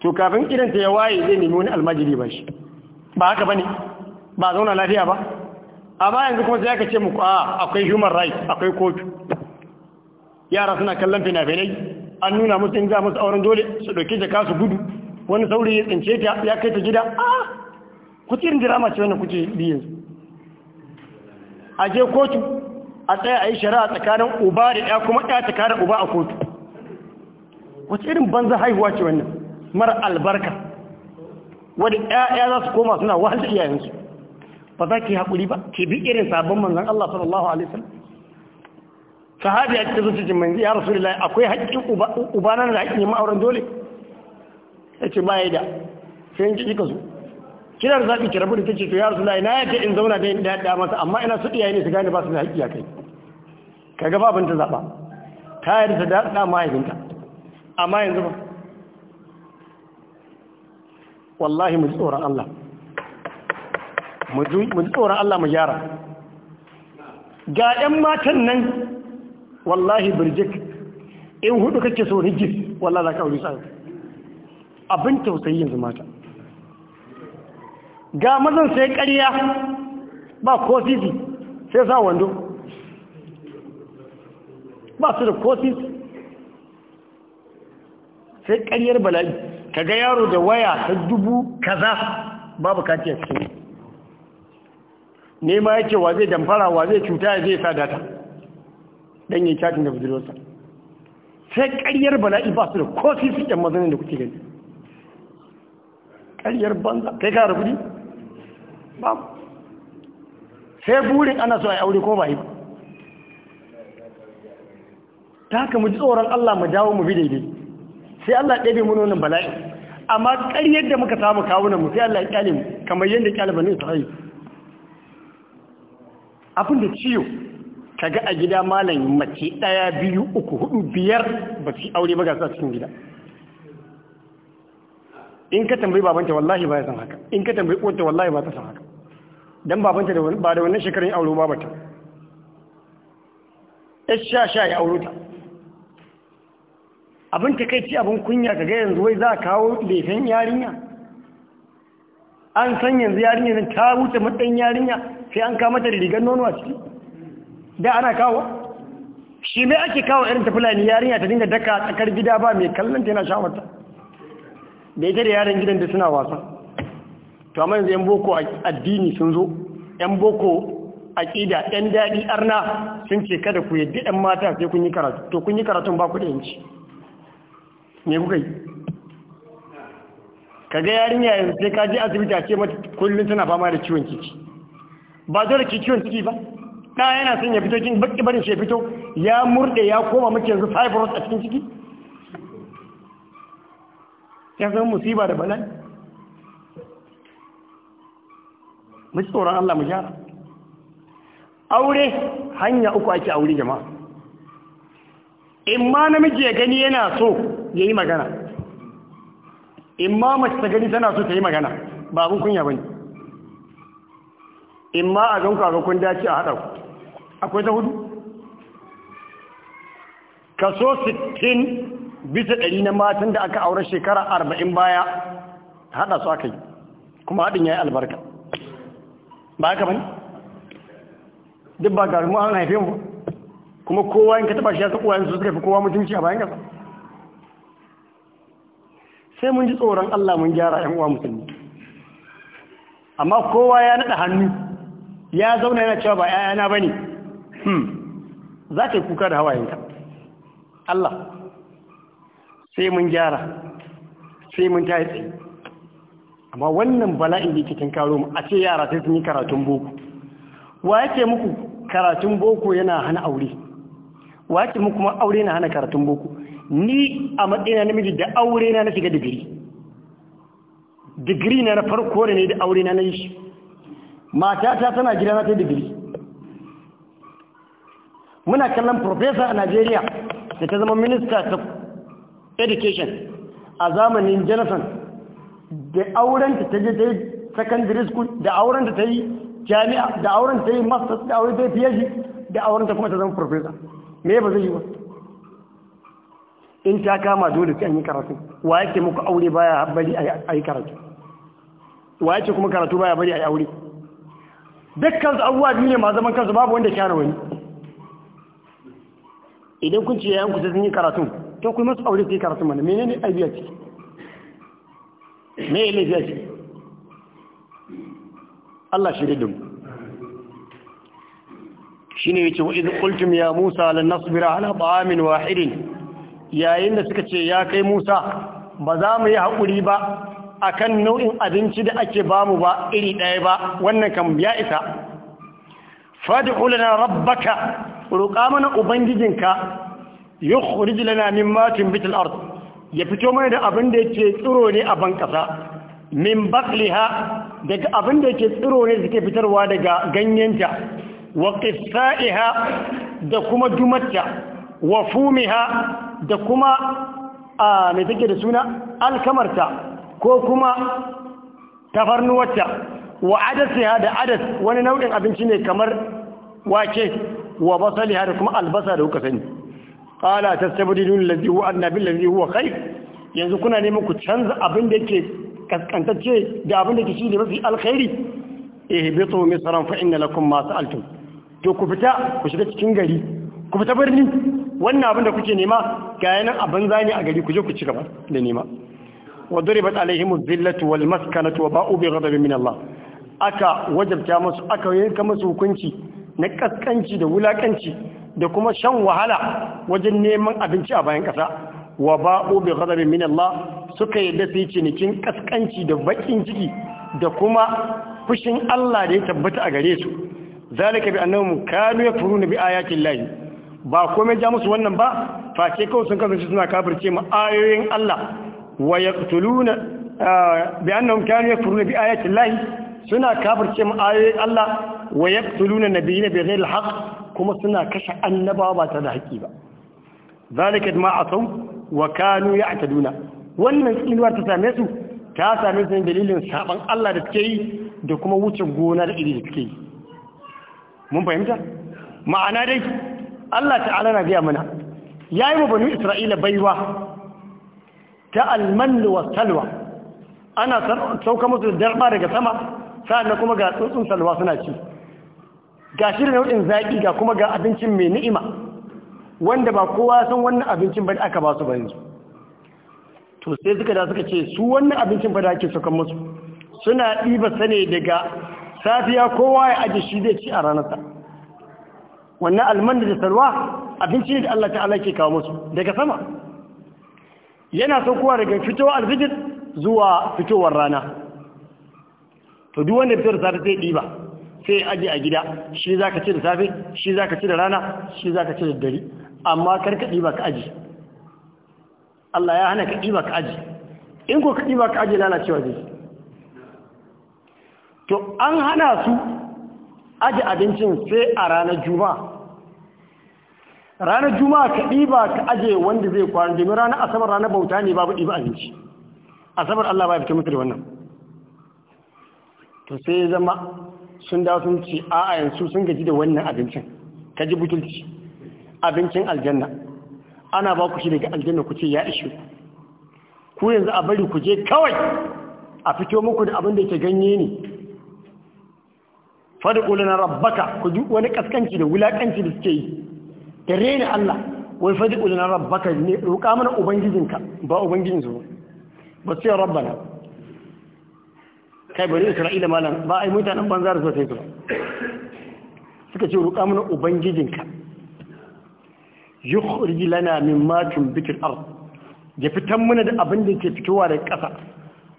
to kafin ta ya waye zai nemi wani almajiri ba shi ba haka bane ba zauna lafiya ba amma yanzu kuma sai aka ce muku a akwai human rights akwai kotu yara suna kallon fina-finai an nuna musu in za musu auren dole su ɗauki jaka kasu gudu wani saurayi ya tsince ta ya kai ta gida a kuce irin dirama ce wannan kuke biyan a je kotu a tsaye a yi shari'a tsakanin uba da ɗaya kuma ɗaya tsakanin uba a kotu wace irin banza haihuwa ce wannan mara albarka wadda ɗaya za su koma suna wahala iyayensu ba za ki haƙuri ba ki bi irin sabon manzan Allah sallallahu alaihi wasallam sahabi ya ce zuci manzi ya rasulullahi akwai haƙƙin uba nan da haƙƙin ma'auran dole Ya ce ba ya da sai in ki ka zo Kinar zaɓi ki rabu da take to ya rasu na yadda in zauna da in daɗa masa amma ina su iyaye ne su gane ba su da haƙƙi a kai ka gaba abin ta zaɓa ta da ta daɗa mahaifinta amma yanzu ba wallahi mu ji tsoron Allah mu ji tsoron Allah mu gyara ga ɗan matan nan wallahi birjik in hudu kake so rigif wallahi za ka wuri sa abin tausayi yanzu mata ga mazan sai ƙarya ba kofisi sai sa wando ba su da kofisi sai ƙaryar bala'i ka ga yaro da waya ta dubu kaza babu kaciya cikin nema yake wa zai damfara wa zai cuta ya zai sa data don yin catin da budurwarsa sai ƙaryar bala'i ba su da kofisi ɗan mazanin da kuke gani ƙaryar banza kai ka rubuɗi babu sai burin ana so a yi aure ko ba yi ba ta haka mu ji tsoron Allah mu dawo mu bi daidai sai Allah ya ɗebe mun wannan bala'i amma kar yadda muka samu kawunan mu sai Allah ya kyale mu kamar yadda kyale bane Isra'il abin da ciyo kaga a gida malam mace ɗaya biyu uku hudu biyar ba su aure ba ga su cikin gida in ka tambayi babanta wallahi ba ya san haka in ka tambayi uwarta wallahi ba ta san haka don babanta ba da wannan shekarun auro ba ya sha sha ya auro ta abin ci abin kunya ga yanzu wai za a kawo lefen yarinya an san yanzu yarinya zan ta wuce matsayin yarinya sai an kama ta rigar nono a ciki da ana kawo shi mai ake kawo irin ta fulani yarinya ta dinga daka tsakar gida ba mai kallon ta yana shawarta da ita da yaran gidan da suna wasa to amma yanzu yan boko addini sun zo yan boko aƙida yan daɗi arna sun ce kada ku yadda yan mata sai kun yi karatu to kun yi karatun ba ku da yanci me kuka yi ka ga yarinya yanzu sai ka ji asibiti a ce mata kullum tana fama da ciwon ciki ba dole ki ciwon ciki ba ɗa yana son ya fito kin baki barin shi ya fito ya murɗe ya koma miki yanzu fibroids a cikin ciki ya zama musiba da bala'i mu ci tsoron Allah mu gyara aure hanya uku ake aure jama'a in ma namiji ya gani yana so ya yi magana in ma mace ta gani tana so ta yi magana ba abin kunya ba ne in ma a ganku a kun dace a haɗa akwai ta hudu kaso 60 bisa ɗari na matan da aka aure shekara 40 baya haɗa su aka yi kuma haɗin ya yi albarka ba haka bane duk ba garin mu an haife mu kuma kowa in ka taba shi ya san uwayen su suka fi kowa mutunci a bayan kasa sai mun ji tsoron Allah mun gyara ƴan uwa musulmi amma kowa ya nada hannu ya zauna yana cewa ba ƴaƴana bane hmm za ka yi kuka da hawayenka Allah sai mun gyara sai mun tayi tsaye amma wannan bala'in da yake karo mu a ce yara sai sun yi karatun boko wa yake muku karatun boko yana hana aure wa yake muku kuma aure na hana karatun boko ni a matsayina namiji da aure na na shiga digiri digiri na na farko ne da aure na na yi shi matata tana gida na ta digiri muna kallon profesa a Najeriya da ta zama minista ta education a zamanin Jonathan da auren ta ta je ta yi secondary school da auren ta yi jami'a da auren ta yi masters da auren ta yi phd da auren ta kuma ta zama professor me ba zai yi ba in ta kama dole sai an yi karatu wa yake muku aure baya bari a yi karatu wa yake kuma karatu baya bari a yi aure dukkan su abubuwa biyu ne ma zaman kansu babu wanda kyara wani idan kun ce yayan ku sai sun yi karatu to ku masu aure sai yi karatu mana menene aibiya ciki me ya laifi Allah shi ridin shi ne ya ce wa'izu ya musa lan nasbira ala ba'amin wahidin yayin da suka ce ya kai musa ba za mu yi haƙuri ba akan nau'in abinci da ake bamu ba iri ɗaya ba wannan kan ya isa fad'u lana rabbaka roƙa mana ubangijinka yukhrij lana mimma tunbitul ard ya fito mai da abin da yake tsiro ne a ban kasa min bakliha daga abin da yake tsiro ne suke fitarwa daga ganyenta wa qissaiha da kuma dumatta wa fumiha da kuma a mai take da suna alkamarta ko kuma tafarnuwarta wa adasiha da adas wani nau'in abinci ne kamar wake wa basaliha da kuma albasa da kuka sani qala tastabdilun alladhi huwa adna bil huwa kai, yanzu kuna neman ku canza abin da yake kaskantacce da abin da yake shi ne mafi alkhairi ihbitu misran fa inna lakum ma sa'altum to ku fita ku shiga cikin gari ku fita birni wannan abin da kuke nema ga yanan abin zani a gari ku je ku ci gaba da nema wa duribat alaihim adh-dhillatu wal maskanatu wa ba'u bi ghadabin min Allah aka wajabta musu aka yanka musu hukunci na kaskanci da wulakanci da kuma shan wahala wajen neman abinci a bayan ƙasa wa ba'u bi ghadabin min Allah suka yadda su yi cinikin kaskanci da bakin ciki da kuma fushin Allah da ya tabbata a gare su zalika bi annahum kanu yakfuruna bi ayatin lahi ba komai ja musu wannan ba face kawai sun kasance suna kafirce mu ayoyin Allah wa yaqtuluna ah, bi annahum kanu yakfuruna bi ayatin lahi suna kafirce mu ayoyin Allah wa yaqtuluna nabiyina bi ghairi al-haqq kuma suna kashe annabawa ba ta da haƙi ba zalika ma asaw wa kanu ya'taduna wannan tsinuwar ta same su ta same su dalilin saban Allah da suke yi da kuma wuce gona da iri da suke yi mun fahimta ma'ana dai Allah ta'ala na gaya mana yayi mu banu Isra'ila baiwa ta alman wa salwa ana sauka musu da darba daga sama na kuma ga tsuntsun salwa suna ci ga shi da nau'in zaƙi ga kuma ga abincin mai ni'ima wanda ba kowa san wannan abincin ba da aka ba su ba yanzu to sai suka da suka ce su wannan abincin ba da ake sukan musu suna ɗiba sane daga safiya kowa ya aji shi zai ci a ranarsa wannan almanda da salwa abinci ne da Allah ta'ala ke kawo musu daga sama yana saukowa daga fitowar alfijir zuwa fitowar rana to duk wanda fitowar safe sai ɗiba sai aji a gida shi za ka ci da safe shi za ka ci da rana shi za ka ci da dare amma kar ka ɗiba ka aji Allah ya hana ka ɗiba ka aji in ko ka ɗiba ka aji lalacewa zai to an hana su aji abincin sai a ranar juma'a ranar juma'a ka ɗiba ka aji wanda zai kwanu domin ranar asabar ranar bauta ne babu ɗiba abinci asabar Allah ba ya fita mutu da wannan to sai zama sun da sun ce a'a yanzu sun gaji da wannan abincin ka ji butulci abincin aljanna ana ba ku shi daga aljanna ku ce ya ishe ku yanzu a bari ku je kawai a fito muku da abin da ke ganye ne fadikula na rabbaka ku ji wani kaskanci da wulakanci da suke yi da rena Allah wai fadikula na rabbaka ne roƙa mana ubangijinka ba ubangijinsu ba sai rabbana kai bari isra'ila malam ba ai mutanen banza da sosai su suka ce ruka mana ubangijinka yukhrij lana mimma tumbitu al-ard ya fitan mana da abin da ke fitowa daga ƙasa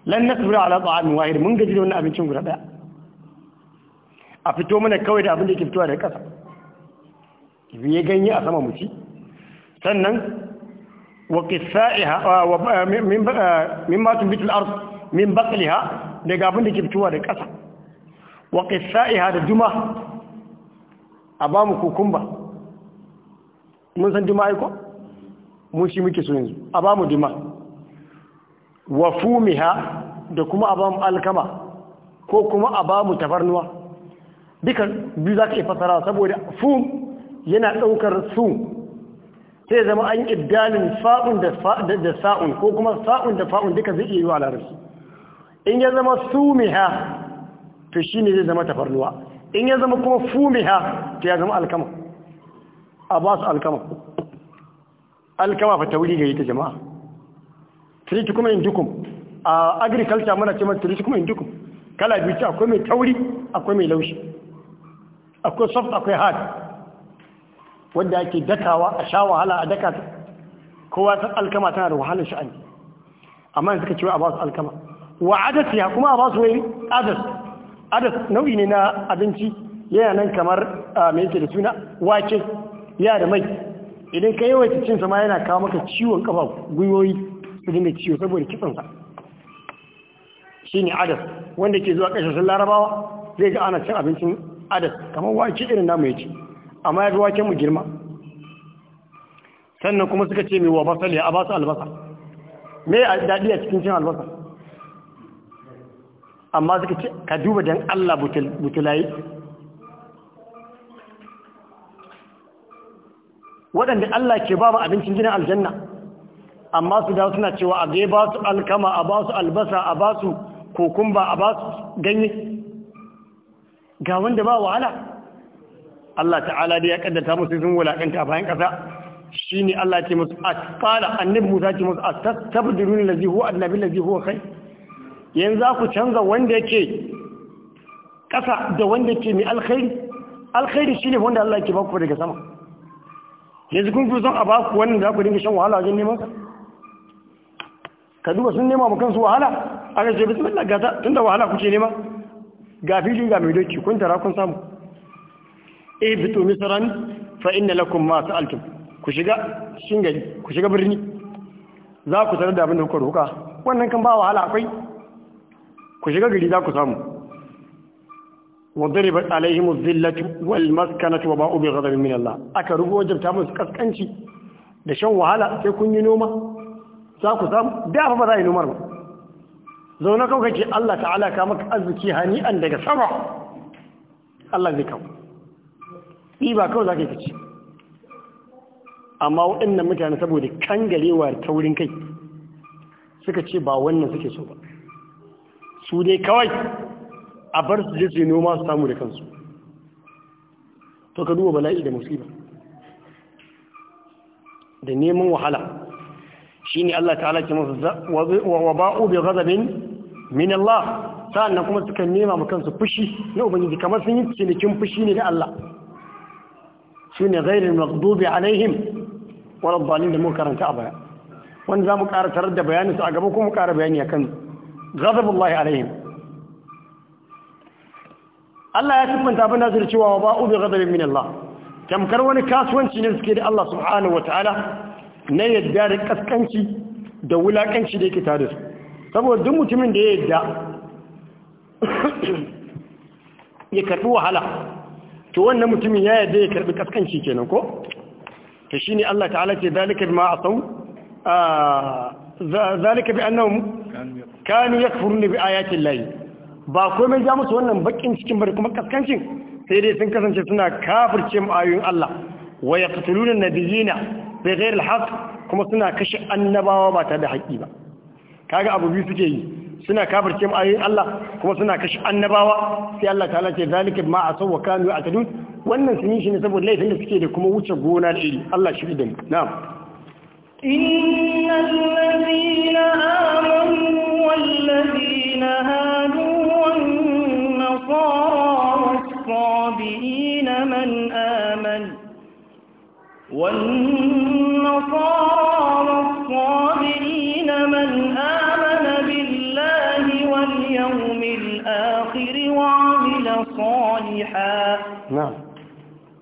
lan nasbira ala ta'amin wahid mun gaji da wannan abincin guda daya a fito mana kawai da abin da ke fitowa daga ƙasa ya ganye a sama muci sannan wa qisaiha wa mimma tumbitu al-ard min baqliha daga abin da ke fitowa da ƙasa wa qissa'iha da juma a ba mu kukumba mun san duma aiko mun shi muke so yanzu a ba mu juma wa fumiha da kuma a ba mu alkama ko kuma a ba mu tafarnuwa dukan biyu za ka iya fasara saboda fum yana ɗaukar su sai zama an ƙiddalin fa'un da sa'un ko kuma sa'un da fa'un duka zai iya yi wa larabci in ya zama sumiha to ne zai zama tafarnuwa in ya zama kuma fumiha to ya zama alkama a ba su alkama alkama fa tauri ga ta jama'a triti kuma indukum a agriculture mana ce mai triti kuma indukum kala biyu ce akwai mai tauri akwai mai laushi akwai soft akwai hard wanda ake dakawa a sha wahala a daka kowa san alkama tana da wahalar sha'ani amma ka ce a ba su alkama wa adasiya kuma a basu wai adas adas nau'i ne na abinci yana nan kamar ah, mai yake da suna wake ya da mai idan ka yawaita cin sama yana kawo maka ciwon kafa gwiwoyi su dinga ciwo saboda kitsansa shine adas wanda ke zuwa kasashen larabawa zai ga ana cin abincin adas kamar wake irin namu ya ci amma ya fi waken mu girma sannan kuma suka ce mai wa basali a basu albasa me daɗi a cikin cin albasa amma suka ce ka duba don Allah butulayi waɗanda Allah ke ba mu abincin jinin aljanna amma su da suna cewa a zai ba su alkama a ba su albasa a ba su kokumba a ba su ganye ga wanda ba wahala Allah ta'ala da ya kaddata musu sun wulaƙanta a bayan ƙasa shi ne Allah ce musu a fara annabi musa ce musu a tattabdirun lazihu huwa annabi lazihu huwa kai yanzu za ku canza wanda yake ƙasa da wanda yake mai alkhairi alkhairi shine wanda Allah ke baku daga sama yanzu kun fi son a baku wannan za ku dinga shan wahala wajen neman sa ka duba sun nema ma kansu wahala aka ce bismillah tun tunda wahala kuke nema ga fili ga mai doki kun tara kun samu e eh, bitu misran fa inna lakum ma sa'altum ku shiga shingari ku shiga birni za ku tarar da abin da kuka roka wannan kan ba wahala akwai ku shiga gari za ku samu wadari ba alaihim zillatu wal maskanatu wa ba'u bi ghadabin min Allah aka rubo wajabta musu kaskanci da shan wahala sai kun yi noma za ku samu da fa ba za yi nomar ba zauna kawai kake Allah ta'ala ka maka arziki hani'an daga sama Allah zai kawo ba kawai za ka yi ci amma waɗannan mutane saboda kangarewa taurin kai suka ce ba wannan suke so ba su dai kawai a bar su je noma su samu da kansu to ka duba bala'i da musiba da neman wahala Shi ne Allah ta'ala ke masa wa ba'u bi ghadabin min Allah sa'annan kuma suka nema ma kansu fushi na ubangiji kamar sun yi cinikin fushi ne da Allah shine ghairul maghdubi alaihim wal dhalin da mu karanta a baya wanda mu ƙara tarar da bayanin su a gaba kuma ƙara bayani a kansu. ghadabullahi alaihim Allah ya siffanta abin da cewa ba ubi ghadabin min Allah tamkar wani kasuwanci ne suke da Allah subhanahu wataala na yadda da kaskanci da wulakanci da yake tare su saboda duk mutumin da ya yadda (coughs) ya karbi wahala to wannan mutumin ya yadda ya karbi kaskanci kenan ko to shine Allah ta'ala ce zalika bima asaw ah, zalika bi annahum kanu yakfuruna bi ayatin layi, ba komai ja musu wannan bakin cikin bari kuma kaskancin sai dai sun kasance suna kafirce mu Allah wa yaqtuluna na bi ghairi al-haq kuma suna kashe annabawa ba tare da haƙi ba kaga abu biyu suke yi suna kafirce mu Allah kuma suna kashe annabawa sai Allah ta'ala ce zalika ma a wa kanu ya'tadun wannan sun yi shi ne saboda laifin da suke da kuma wuce gona da iri Allah shi da mu na'am الذين هادوا والنصارى والصابئين من آمن والنصارى والصابئين من آمن بالله واليوم الآخر وعمل صالحا نعم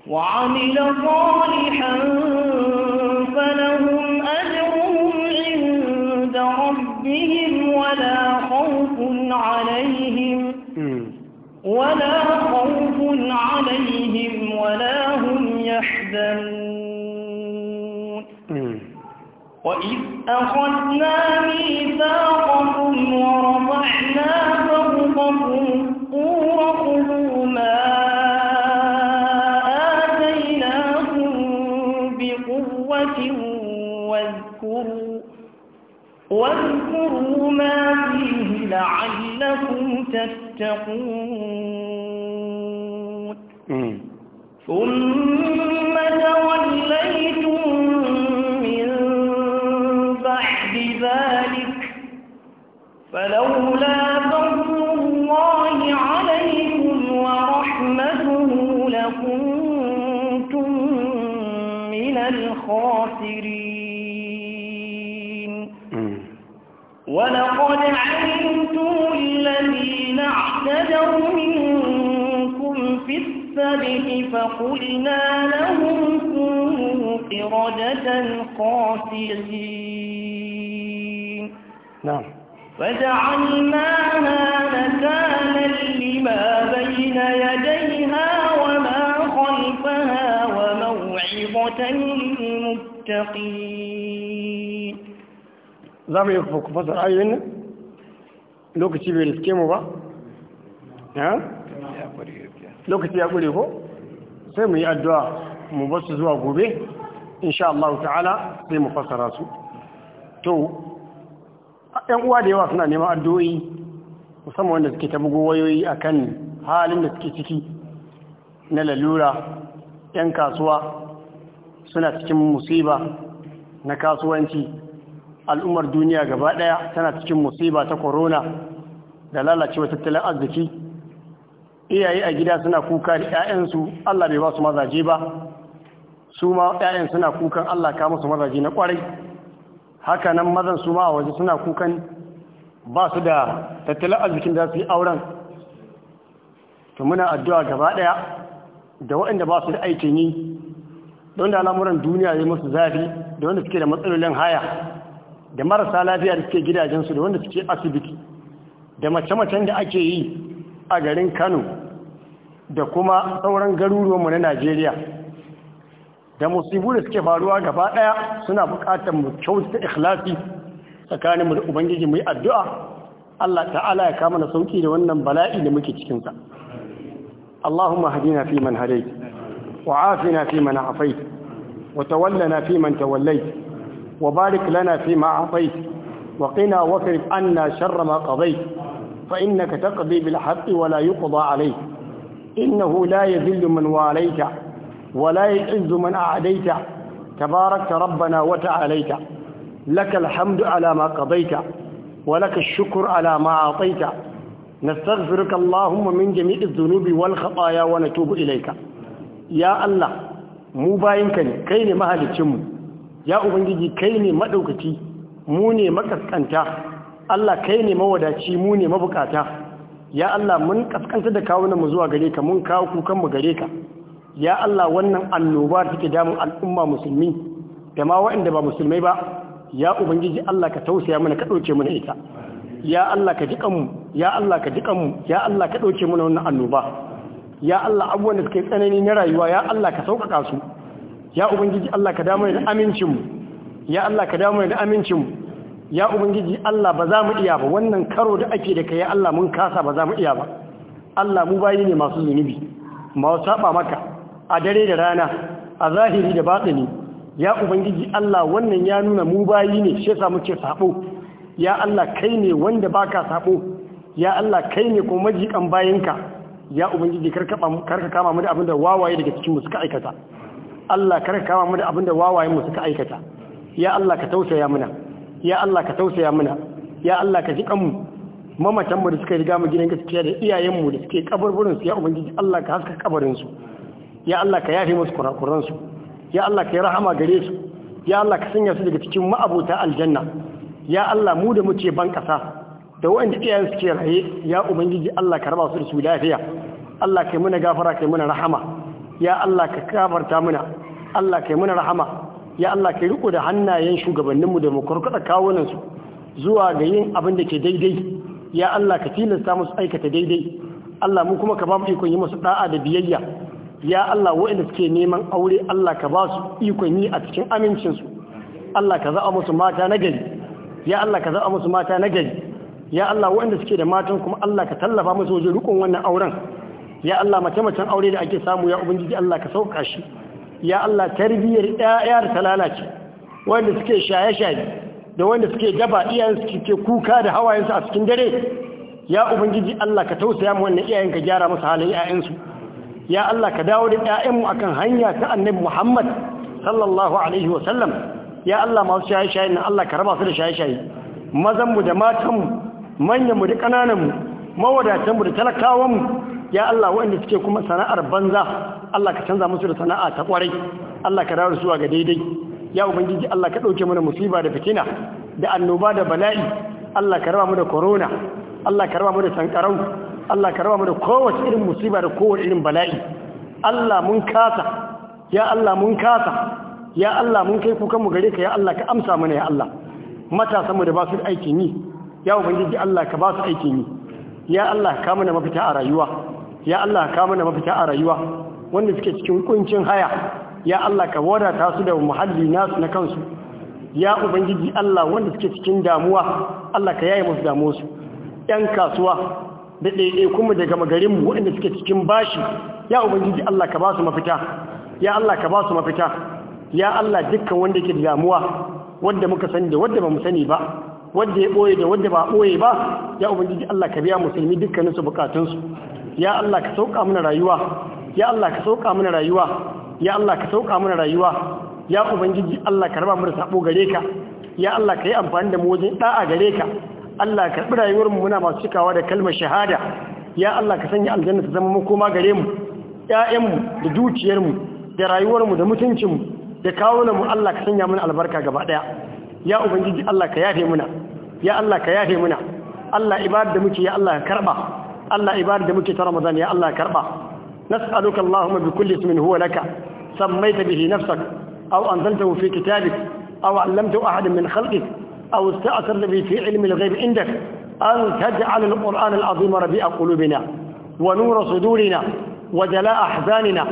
وعمل صالحا فله عليهم ولا خوف عليهم ولا هم يحزنون وإذ أخذنا ميثاقكم ورفعنا فوقكم الطور خذوا ما آتيناكم بقوة واذكروا واذكروا ما فيه لعلكم تتقون ثم توليتم من بعد ذلك فلولا فضل الله عليكم ورحمته لكنتم من الخاسرين ولقد علمتم الذين اعتدوا منكم في السبه فقلنا لهم كونوا قردة خاسئين نعم فجعلناها مكانا لما بين يديها وما خلفها وموعظة للمتقين za mu yi ku fasar ayoyin lokaci bai riske mu ba lokaci ya ƙure ko sai mu yi addu'a mu ba su zuwa gobe insha Allah ta'ala sai mu fasara su to ‘yan uwa da yawa suna neman addu'o'i musamman wanda suke ta bugo wayoyi akan halin da suke ciki na lalura ‘yan kasuwa suna cikin musiba na kasuwanci al'ummar duniya gaba ɗaya tana cikin musiba ta corona da lalacewa tattalin arziki iyaye a gida suna kuka da 'ya'yansu Allah bai ba su mazaje ba su ma 'ya'yan suna kukan Allah ka musu mazaje na kwarai haka nan mazan su ma a waje suna kukan ba su da tattalin arzikin da su yi auren to muna addu'a gaba ɗaya da waɗanda ba su da aikin yi don da al'amuran duniya ya musu zafi da wanda suke da matsalolin haya da marasa lafiya da suke gidajensu da wanda suke asibiti da mace-macen da ake yi a garin kano da kuma sauran garuruwanmu na najeriya da musibu da suke faruwa gaba ɗaya suna buƙatar mu kyauta ikhlasi tsakaninmu da ubangiji mu yi addu'a allah ta'ala ya kama na sauƙi da wannan bala'i da muke cikinsa allahumma hadina fi man hadait wa afina fi man afait wa tawallana fi man وبارك لنا فيما أعطيت وقنا واصرف عنا شر ما قضيت فإنك تقضي بالحق ولا يقضى عليك إنه لا يذل من واليت ولا يعز من أعديت تباركت ربنا وتعاليت لك الحمد على ما قضيت ولك الشكر على ما أعطيت نستغفرك اللهم من جميع الذنوب والخطايا ونتوب إليك يا الله مو باينك كين مهلكم ya ubangiji kai ne madaukaki mu ne makaskanta Allah kai ne mawadaci mu ne mabukata ya Allah mun kaskanta da kawunan mu zuwa gare ka mun kawo kukan mu gare ka ya Allah wannan annoba da take damun al'umma musulmi da ma waɗanda ba musulmai ba ya ubangiji Allah ka tausaya mana ka dauke mana ita ya Allah ka jika mu ya Allah ka jika mu ya Allah ka dauke mana wannan annoba ya Allah abubuwan da suke tsanani na rayuwa ya Allah ka sauƙaƙa su ya ubangiji Allah ka damu da amincin mu ya Allah ka damu da amincin mu ya ubangiji Allah ba za mu iya ba wannan karo da ake da kai Allah mun kasa ba za mu iya ba Allah mu bayi ne masu zunubi ma saba maka a dare da rana a zahiri da batini ya ubangiji Allah wannan ya nuna mu bayi ne shi yasa muke sabo ya Allah kai ne wanda baka sabo ya Allah kai ne kuma majikan bayinka ya ubangiji karka kama mu da abin da wawaye daga cikin mu suka aikata Allah kar ka kama mu da abin da wawaye mu suka aikata ya Allah ka tausaya mana ya Allah ka tausaya mana ya Allah ka ji mu mamatan mu da suka riga mu gidan gaskiya da iyayen mu da suke kaburburin su ya ubangiji Allah ka haska kabarin su ya Allah ka yafe musu kurakuran su ya Allah ka yi rahama gare su ya Allah ka sanya su daga cikin ma'abuta aljanna ya Allah mu da muke ban kasa da waɗanda iyayen suke raye ya ubangiji Allah ka raba su da su lafiya Allah ka yi muna gafara ka yi muna rahama ya Allah ka kafarta muna Allah kai muna rahama ya Allah kai riko da hannayen shugabanninmu da mu kawunansu kawunan zuwa ga yin abin da ke daidai ya Allah ka tilasta musu aikata daidai Allah mu kuma ka ba mu ikon yi musu da'a da biyayya ya Allah waɗanda suke neman aure Allah ka ba su ikon yi a cikin amincinsu Allah ka za'a musu mata na gari ya Allah ka za'a musu mata na gari ya Allah waɗanda suke da matan kuma Allah ka tallafa musu wajen rukun wannan auren ya Allah mace-macen aure da ake samu ya ubangiji Allah ka sauka shi ya Allah tarbiyyar ɗaya da ta lalace wanda suke shaye-shaye da wanda suke daba iyayen suke kuka da hawayensu a cikin dare ya ubangiji Allah ka tausaya mu wannan iyayen ka gyara musu halin ƴaƴansu ya Allah ka dawo da ƴaƴanmu akan hanya ta Annabi Muhammad sallallahu alaihi wa sallam ya Allah masu shaye-shaye na Allah ka raba su da shaye-shaye mazan mu da matan mu manyan mu da kananan mu mawadatan mu da talakawan mu ya Allah waɗanda suke kuma sana'ar banza Allah ka canza musu da sana'a ta kwarai Allah ka dawo zuwa ga daidai ya ubangiji Allah ka ɗauke mana musiba da fitina da annoba da bala'i Allah ka raba mu da corona Allah ka raba mu da sankarau Allah ka raba mu da kowace irin musiba da kowace irin bala'i Allah mun kasa ya Allah mun kasa ya Allah mun kai kukan mu gare ka ya Allah ka amsa mana ya Allah matasa mu da ba su aikin yi ya ubangiji Allah ka ba su aikin yi ya Allah ka mana mafita a rayuwa ya Allah ka mana mafita a rayuwa wanda suke cikin kuncin haya ya Allah ka wadata su da muhalli nasu na kansu ya ubangiji Allah wanda suke cikin damuwa Allah ka yaye musu damuwarsu ɗan kasuwa da ɗaiɗai kuma daga magarin mu waɗanda suke cikin bashi ya ubangiji Allah ka ba su mafita ya Allah ka ba su mafita ya Allah dukkan wanda yake da damuwa wanda muka sani da wanda bamu sani ba wanda ya ɓoye da wanda ba ɓoye ba ya ubangiji Allah ka biya musulmi dukkaninsu bukatunsu ya Allah ka sauka mana rayuwa ya Allah ka sauka mana rayuwa ya Allah ka sauka mana rayuwa ya ubangiji Allah ka raba mu da sabo gare ka ya Allah ka yi amfani da mu wajen da'a gare ka Allah ka karbi rayuwar mu muna masu cikawa da kalmar shahada ya Allah ka sanya aljanna ta zama makoma gare mu ƴaƴan mu da dukiyar mu da rayuwar mu da mutuncin mu da kawunan mu Allah ka sanya mana albarka gaba daya ya ubangiji Allah ka yafe muna ya Allah ka yafe muna Allah ibada da muke ya Allah ka karba الله إبارد مكت رمضان يا الله كربا نسألك اللهم بكل اسم هو لك سميت به نفسك أو أنزلته في كتابك أو علمت أحد من خلقك أو استأثر به في علم الغيب عندك أن تجعل القرآن العظيم ربيع قلوبنا ونور صدورنا وجلاء أحزاننا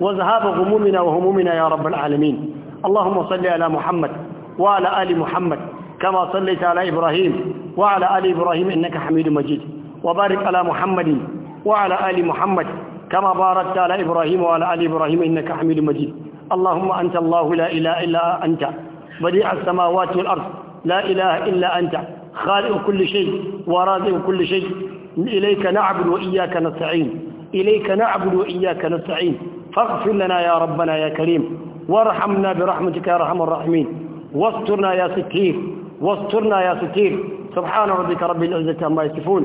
وذهاب غمومنا وهمومنا يا رب العالمين اللهم صل على محمد وعلى آل محمد كما صليت على إبراهيم وعلى آل إبراهيم إنك حميد مجيد وبارك على محمد وعلى آل محمد كما باركت على إبراهيم وعلى آل إبراهيم إنك حميد مجيد اللهم أنت الله لا إله إلا أنت بديع السماوات والأرض لا إله إلا أنت خالق كل شيء ورازق كل شيء إليك نعبد وإياك نستعين إليك نعبد وإياك نستعين فاغفر لنا يا ربنا يا كريم وارحمنا برحمتك يا ارحم الراحمين واسترنا يا ستير واسترنا يا ستير سبحان ربك رب العزة عما يصفون